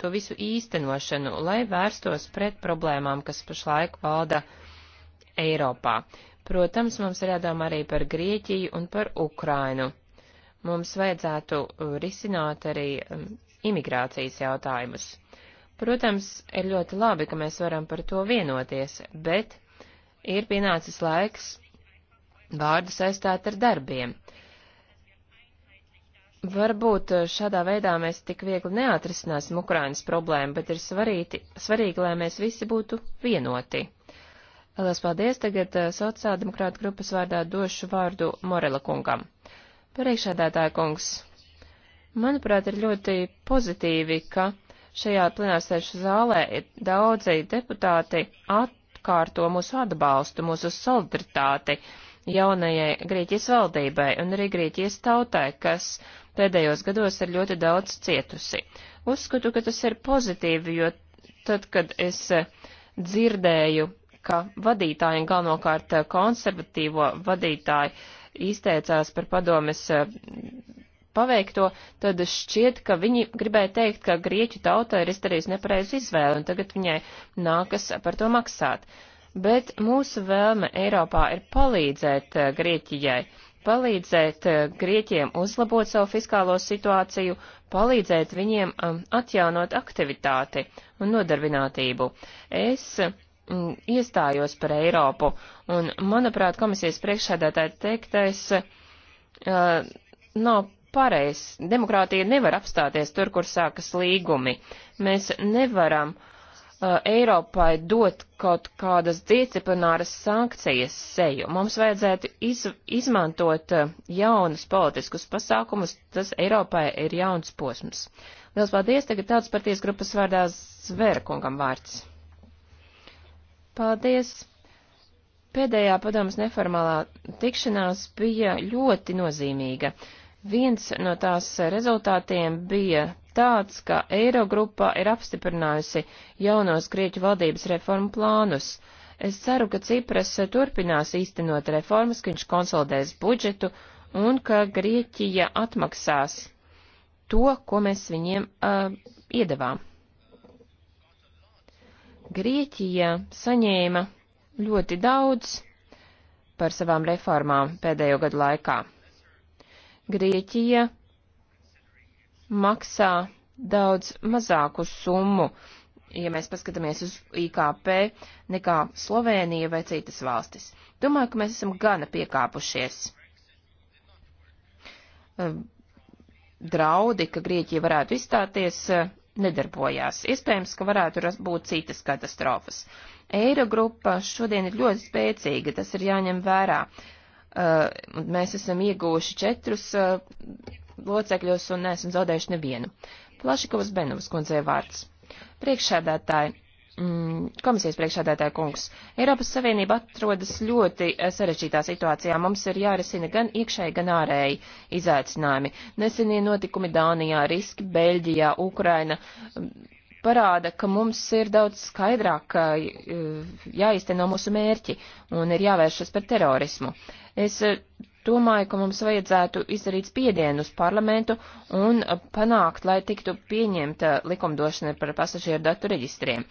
to visu īstenošanu, lai vērstos pret problēmām, kas pašlaik valda Eiropā. Protams, mums ir jādomā arī par Grieķiju un par Ukrainu. Mums vajadzētu eh, risināt arī mm, imigrācijas jautājumus. Protams, ir ļoti labi, ka mēs varam par to vienoties, bet ir pienācis laiks vārdu saistāt ar darbiem. Varbūt eh, šādā veidā mēs tik viegli neatrisināsim Ukrainas problēmu, bet ir svarīgi, svarīgi lai mēs visi būtu vienoti. Lielas paldies! Tagad eh, sociāldemokrāta grupas vārdā došu vārdu Morela kungam. Priekšādātāja kungs, manuprāt, ir ļoti pozitīvi, ka šajā plenārsēšu zālē ir daudzi deputāti atkārto mūsu atbalstu, mūsu solidaritāti jaunajai Grieķijas valdībai un arī Grieķijas tautai, kas pēdējos gados ir ļoti daudz cietusi. Uzskatu, ka tas ir pozitīvi, jo tad, kad es eh, dzirdēju, ka vadītāji, galvenokārt eh, konservatīvo vadītāji, izteicās par padomes eh, paveikto, tad šķiet, ka viņi gribēja teikt, ka grieķu tauta ir izdarījusi nepareizu izvēli, un tagad viņai nākas par to maksāt. Bet mūsu vēlme Eiropā ir palīdzēt Grieķijai palīdzēt eh, Grieķiem uzlabot savu fiskālo situāciju, palīdzēt viņiem um, atjaunot aktivitāti un nodarbinātību. Es mm, iestājos par Eiropu, un, manuprāt, komisijas priekšsēdētāja teiktais uh, nav pareizs. Demokrātija nevar apstāties tur, kur sākas līgumi. Mēs nevaram uh, Uh, Eiropai dot kaut kādas disciplināras sankcijas seju. Mums vajadzētu iz, izmantot uh, jaunus politiskus pasākumus, tas Eiropai ir jauns posms. Liels paldies, tagad tāds partijas grupas vārdā Zverkungam vārds. Paldies! Pēdējā padomas neformālā tikšanās bija ļoti nozīmīga. Uh, Viens no tās rezultātiem bija tāds, ka Eirogrupa ir apstiprinājusi jaunos Grieķu valdības reformu plānus. Es ceru, ka Cipras turpinās īstenot reformas, ka viņš konsolidēs budžetu un ka Grieķija atmaksās to, ko mēs viņiem uh, iedavām. Grieķija saņēma ļoti daudz par savām reformām pēdējo gadu laikā. Grieķija maksā daudz mazāku summu, ja mēs paskatāmies uz IKP, nekā Slovenija vai citas valstis. Domāju, ka mēs esam gana piekāpušies. Ehm, draudi, ka Grieķija varētu izstāties, eh, nedarbojās. Iespējams, ka varētu būt citas katastrofas. Eirogrupa šodien ir ļoti spēcīga, tas ir jāņem vērā uh, mēs esam ieguvuši četrus uh, locekļus un neesam zaudējuši nevienu. Plašikovas Benovas kundzei vārds. Priekšsēdētāji, mm, komisijas priekšsēdētāja kungs, Eiropas Savienība atrodas ļoti uh, sarežģītā situācijā. Mums ir jārisina gan iekšēji, gan ārēji izaicinājumi. Nesenie notikumi Dānijā, riski Beļģijā, Ukraina. Mm, parāda, ka mums ir daudz skaidrāk eh, jāizteno mūsu mērķi un ir jāvēršas par terorismu. Es eh, domāju, ka mums vajadzētu izdarīt spiedienu uz parlamentu un eh, panākt, lai tiktu pieņemta likumdošana par pasažieru datu reģistriem.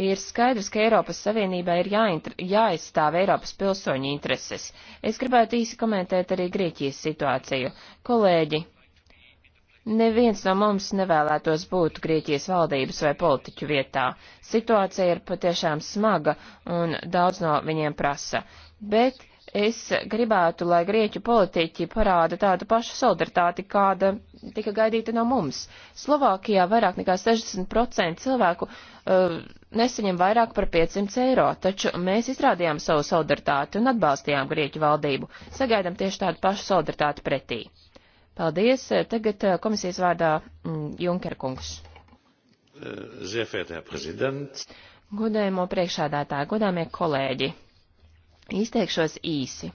Ir skaidrs, ka Eiropas Savienībā ir jāaizstāv Eiropas pilsoņu intereses. Es gribētu īsi komentēt arī Grieķijas situāciju. Kolēģi, Neviens no mums nevēlētos būt Grieķijas valdības vai politiķu vietā. Situācija ir patiešām smaga un daudz no viņiem prasa. Bet es gribētu, lai grieķu politiķi parāda tādu pašu solidaritāti, kāda tika gaidīta no mums. Slovākijā vairāk nekā 60% cilvēku uh, nesaņem vairāk par 500 eiro, taču mēs izrādījām savu solidaritāti un atbalstījām Grieķu valdību. Sagaidām tieši tādu pašu solidaritāti pretī. Paldies. Eh, tagad eh, komisijas vārdā mm, Junker kungs. Eh, Godējumo priekšādātā, godāmie kolēģi, izteikšos īsi.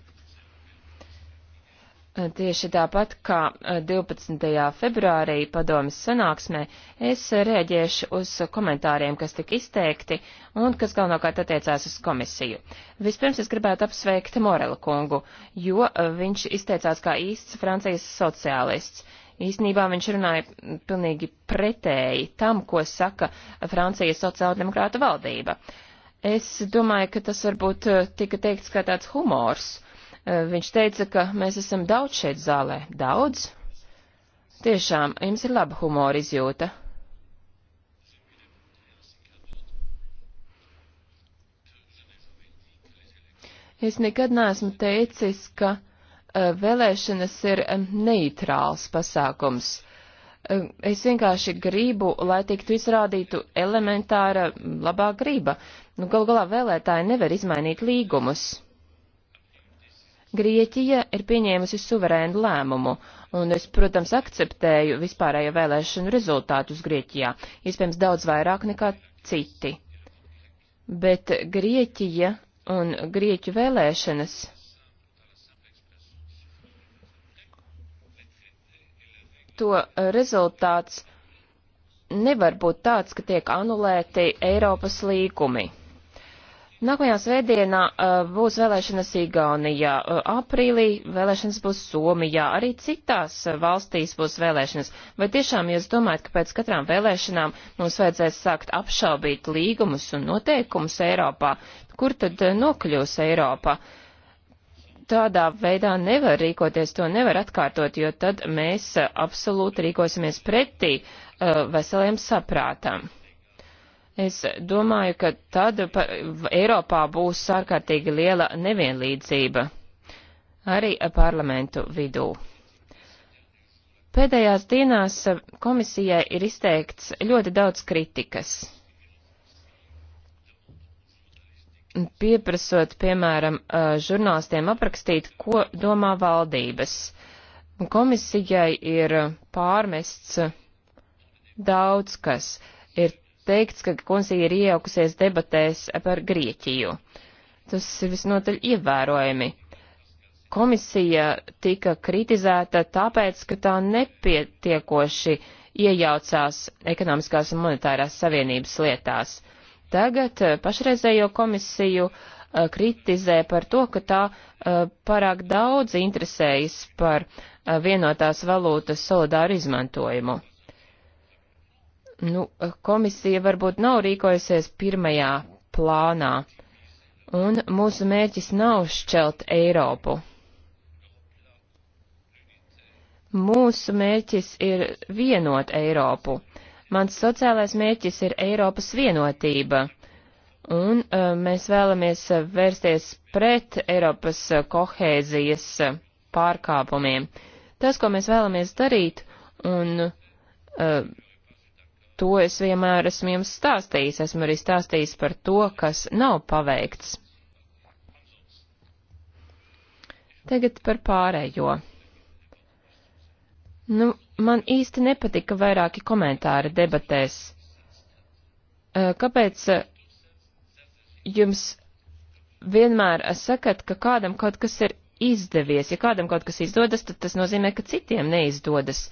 Tieši tāpat kā 12. Eh, februārī padomas sanāksmē, es rēģēšu uz komentāriem, kas tika izteikti un kas galvenokārt attiecās uz komisiju. Vispirms es gribētu apsveikt Morela kungu, jo eh, viņš izteicās kā īsts Francijas sociālists. Īsnībā viņš runāja pilnīgi pretēji tam, ko saka Francijas sociāldemokrāta valdība. Es domāju, ka tas varbūt eh, tika teikts kā tāds humors Viņš teica, ka mēs esam daudz šeit zālē. Daudz? Tiešām, jums ir laba humora izjūta. Es nekad neesmu teicis, ka uh, vēlēšanas ir um, neitrāls pasākums. Uh, es vienkārši gribu, lai tiktu izrādītu elementāra labā grība. Nu, gal galā vēlētāji nevar izmainīt līgumus. Grieķija ir pieņēmusi suverēnu lēmumu, un es, protams, akceptēju vispārējo vēlēšanu rezultātus Grieķijā, iespējams daudz vairāk nekā citi. Bet Grieķija un Grieķu vēlēšanas to rezultāts nevar būt tāds, ka tiek anulēti Eiropas līgumi. Nākamajā svētdienā uh, būs vēlēšanas Igaunijā, uh, aprīlī vēlēšanas būs Somijā, arī citās uh, valstīs būs vēlēšanas. Vai tiešām jūs domājat, ka pēc katrām vēlēšanām mums vajadzēs sākt apšaubīt līgumus un noteikumus Eiropā? Kur tad uh, nokļūs Eiropa? Tādā veidā nevar rīkoties, to nevar atkārtot, jo tad mēs uh, absolūti rīkosimies pretī uh, veseliem saprātam. Es domāju, ka tad Eiropā būs ārkārtīgi liela nevienlīdzība arī parlamentu vidū. Pēdējās dienās komisijai ir izteikts ļoti daudz kritikas. Pieprasot, piemēram, žurnālistiem aprakstīt, ko domā valdības. Komisijai ir pārmests daudz kas. Ir teikts, ka komisija ir iejaukusies debatēs par Grieķiju. Tas ir visnotaļ ievērojami. Komisija tika kritizēta tāpēc, ka tā nepietiekoši iejaucās ekonomiskās un monetārās savienības lietās. Tagad eh, pašreizējo komisiju uh, kritizē par to, ka tā uh, pārāk daudz interesējas par uh, vienotās valūtas solidāru izmantojumu nu, komisija varbūt nav rīkojusies pirmajā plānā, un mūsu mērķis nav šķelt Eiropu. Mūsu mērķis ir vienot Eiropu. Mans sociālais mērķis ir Eiropas vienotība, un uh, mēs vēlamies uh, vērsties pret Eiropas uh, kohēzijas uh, pārkāpumiem. Tas, ko mēs vēlamies darīt, un uh, To es vienmēr esmu jums stāstījis, esmu arī stāstījis par to, kas nav paveikts. Tagad par pārējo. Nu, man īsti nepatika vairāki komentāri debatēs. Kāpēc jums vienmēr sakat, ka kādam kaut kas ir izdevies? Ja kādam kaut kas izdodas, tad tas nozīmē, ka citiem neizdodas.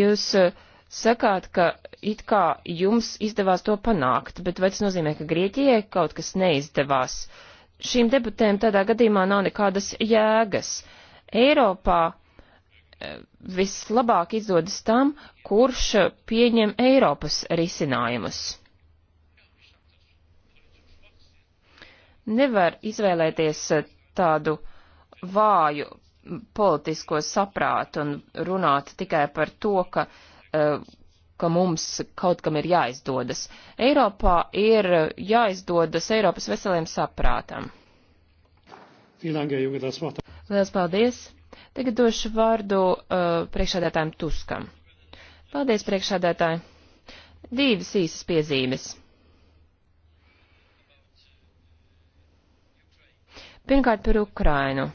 Jūs uh, Sakāt, ka it kā jums izdevās to panākt, bet vai tas nozīmē, ka Grieķijai kaut kas neizdevās? Šīm debatēm tādā gadījumā nav nekādas jēgas. Eiropā e, vislabāk izdodas tam, kurš pieņem Eiropas risinājumus. Nevar izvēlēties e, tādu vāju politisko saprātu un runāt tikai par to, ka uh, Eh, ka mums kaut kam ir jāizdodas. Eiropā ir eh, jāizdodas Eiropas veseliem saprātam. Lielas paldies! Tagad došu vārdu uh, eh, priekšādētājiem Tuskam. Paldies, priekšādētāji! Divas īsas piezīmes. Pirmkārt par Ukrainu.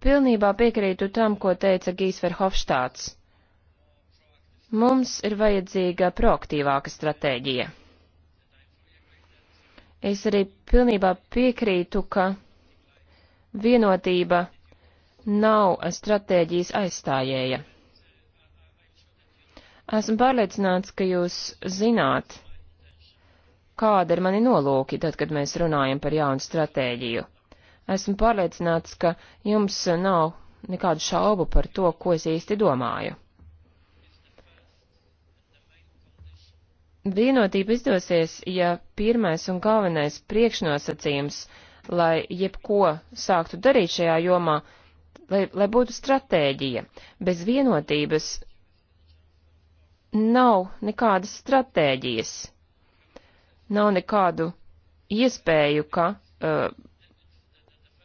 Pilnībā piekrītu tam, ko teica Gīs Verhofštāts Mums ir vajadzīga proaktīvāka stratēģija. Es arī pilnībā piekrītu, ka vienotība nav stratēģijas aizstājēja. Esmu pārliecināts, ka jūs zināt, kāda ir mani nolūki, tad, kad mēs runājam par jaunu stratēģiju. Esmu pārliecināts, ka jums nav nekādu šaubu par to, ko es īsti domāju. Vienotība izdosies, ja pirmais un galvenais priekšnosacījums, lai jebko sāktu darīt šajā jomā, lai, lai būtu stratēģija. Bez vienotības nav nekādas stratēģijas, nav nekādu iespēju, ka uh,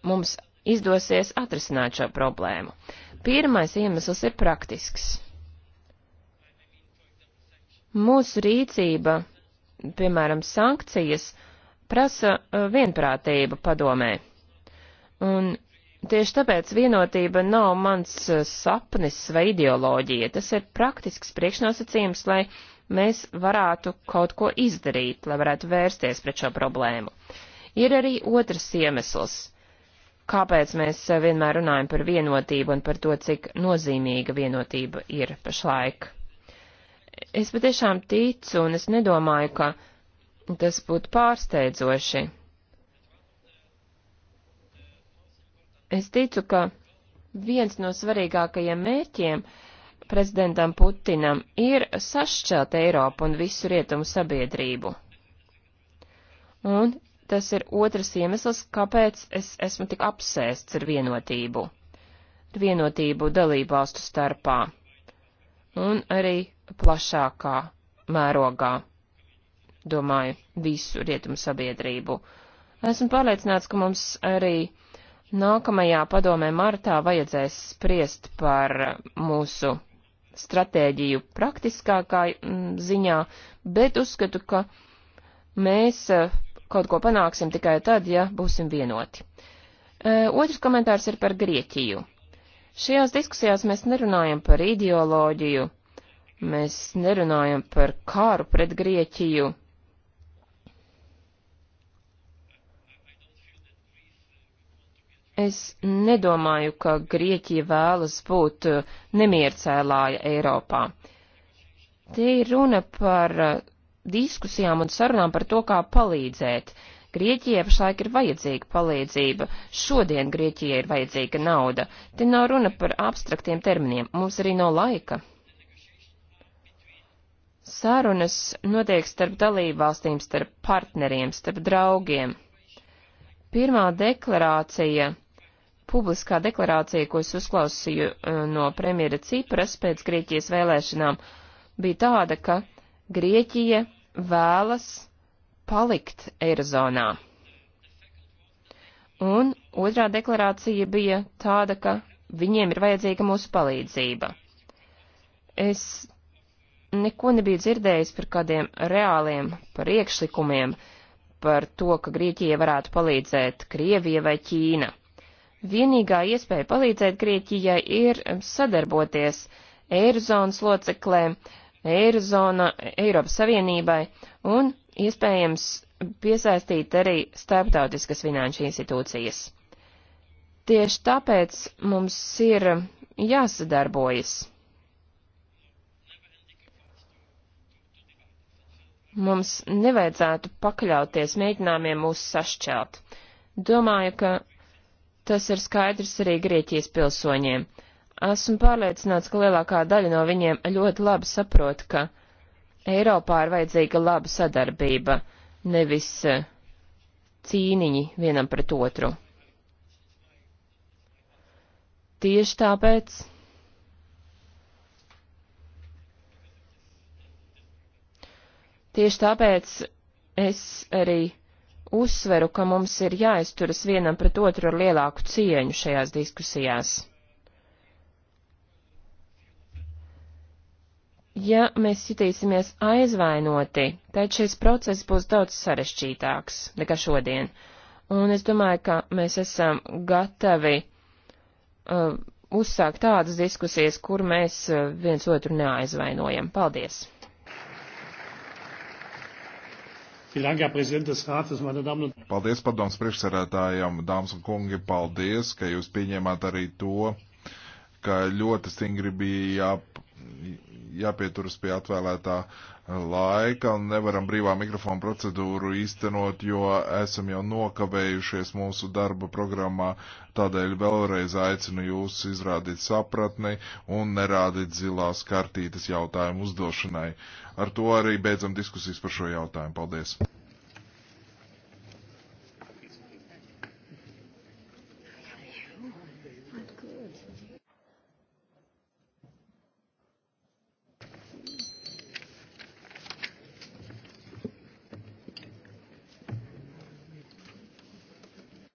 mums izdosies atrisināt šo problēmu. Pirmais iemesls ir praktisks. Mūsu rīcība, piemēram, sankcijas, prasa uh, vienprātību padomē. Un tieši tāpēc vienotība nav mans uh, sapnis vai ideoloģija, tas ir praktisks priekšnosacījums, lai mēs varētu kaut ko izdarīt, lai varētu vērsties pret šo problēmu. Ir arī otrs iemesls, kāpēc mēs uh, vienmēr runājam par vienotību un par to, cik nozīmīga vienotība ir pašlaik. Es patiešām ticu, un es nedomāju, ka tas būtu pārsteidzoši. Es ticu, ka viens no svarīgākajiem mērķiem prezidentam Putinam ir sašķelt Eiropu un visu rietumu sabiedrību. Un tas ir otrs iemesls, kāpēc es esmu tik apsēsts ar vienotību. Ar vienotību dalību valstu starpā un arī plašākā mērogā, domāju, visu rietumu sabiedrību. Esmu pārliecināts, ka mums arī nākamajā padomē martā vajadzēs spriest par mūsu stratēģiju praktiskākā mm, ziņā, bet uzskatu, ka mēs eh, kaut ko panāksim tikai tad, ja būsim vienoti. Eh, otrs komentārs ir par Grieķiju. Šajās diskusijās mēs nerunājam par ideoloģiju, mēs nerunājam par kāru pret Grieķiju. Es nedomāju, ka Grieķija vēlas būt uh, nemiercēlāja Eiropā. Te ir runa par uh, diskusijām un sarunām par to, kā palīdzēt. Uh, Grieķijai pašlaik ir vajadzīga palīdzība. Šodien Grieķijai ir vajadzīga nauda. Te nav runa par abstraktiem terminiem. Mums arī nav laika. Sārunas notiek starp dalībvalstīm, starp partneriem, starp draugiem. Pirmā deklarācija, publiskā deklarācija, ko es uzklausīju eh, no premjera Cipras pēc Grieķijas vēlēšanām, bija tāda, ka Grieķija vēlas palikt Eirozonā. Un otrā deklarācija bija tāda, ka viņiem ir vajadzīga mūsu palīdzība. Es neko nebiju dzirdējis par kādiem reāliem, par iekšlikumiem, par to, ka Grieķija varētu palīdzēt Krievija vai Ķīna. Vienīgā iespēja palīdzēt Grieķijai ir sadarboties Eirozonas loceklēm, Eirozona, Eiropas Savienībai un iespējams piesaistīt arī starptautiskas finanšu institūcijas. Tieši tāpēc mums ir jāsadarbojas. Mums nevajadzētu pakļauties mēģinājumiem mūs sašķelt. Domāju, ka tas ir skaidrs arī Grieķijas pilsoņiem. Esmu pārliecināts, ka lielākā daļa no viņiem ļoti labi saprot, ka Eiropā ir vajadzīga laba sadarbība, nevis eh, cīniņi vienam pret otru. Tieši tāpēc Tieši tāpēc es arī uzsveru, ka mums ir jāizturas vienam pret otru ar lielāku cieņu šajās diskusijās. ja mēs jutīsimies aizvainoti, tad šis process būs daudz sarešķītāks nekā šodien. Un es domāju, ka mēs esam gatavi uh, uzsākt tādas diskusijas, kur mēs uh, viens otru neaizvainojam. Paldies! Paldies padoms priekšsarētājiem, dāmas un kungi, paldies, ka jūs pieņēmāt arī to, ka ļoti stingri bija jāp jāpieturas pie atvēlētā laika un nevaram brīvā mikrofona procedūru īstenot, jo esam jau nokavējušies mūsu darba programmā. Tādēļ vēlreiz aicinu jūs izrādīt sapratni un nerādīt zilās kartītes jautājumu uzdošanai. Ar to arī beidzam diskusijas par šo jautājumu. Paldies!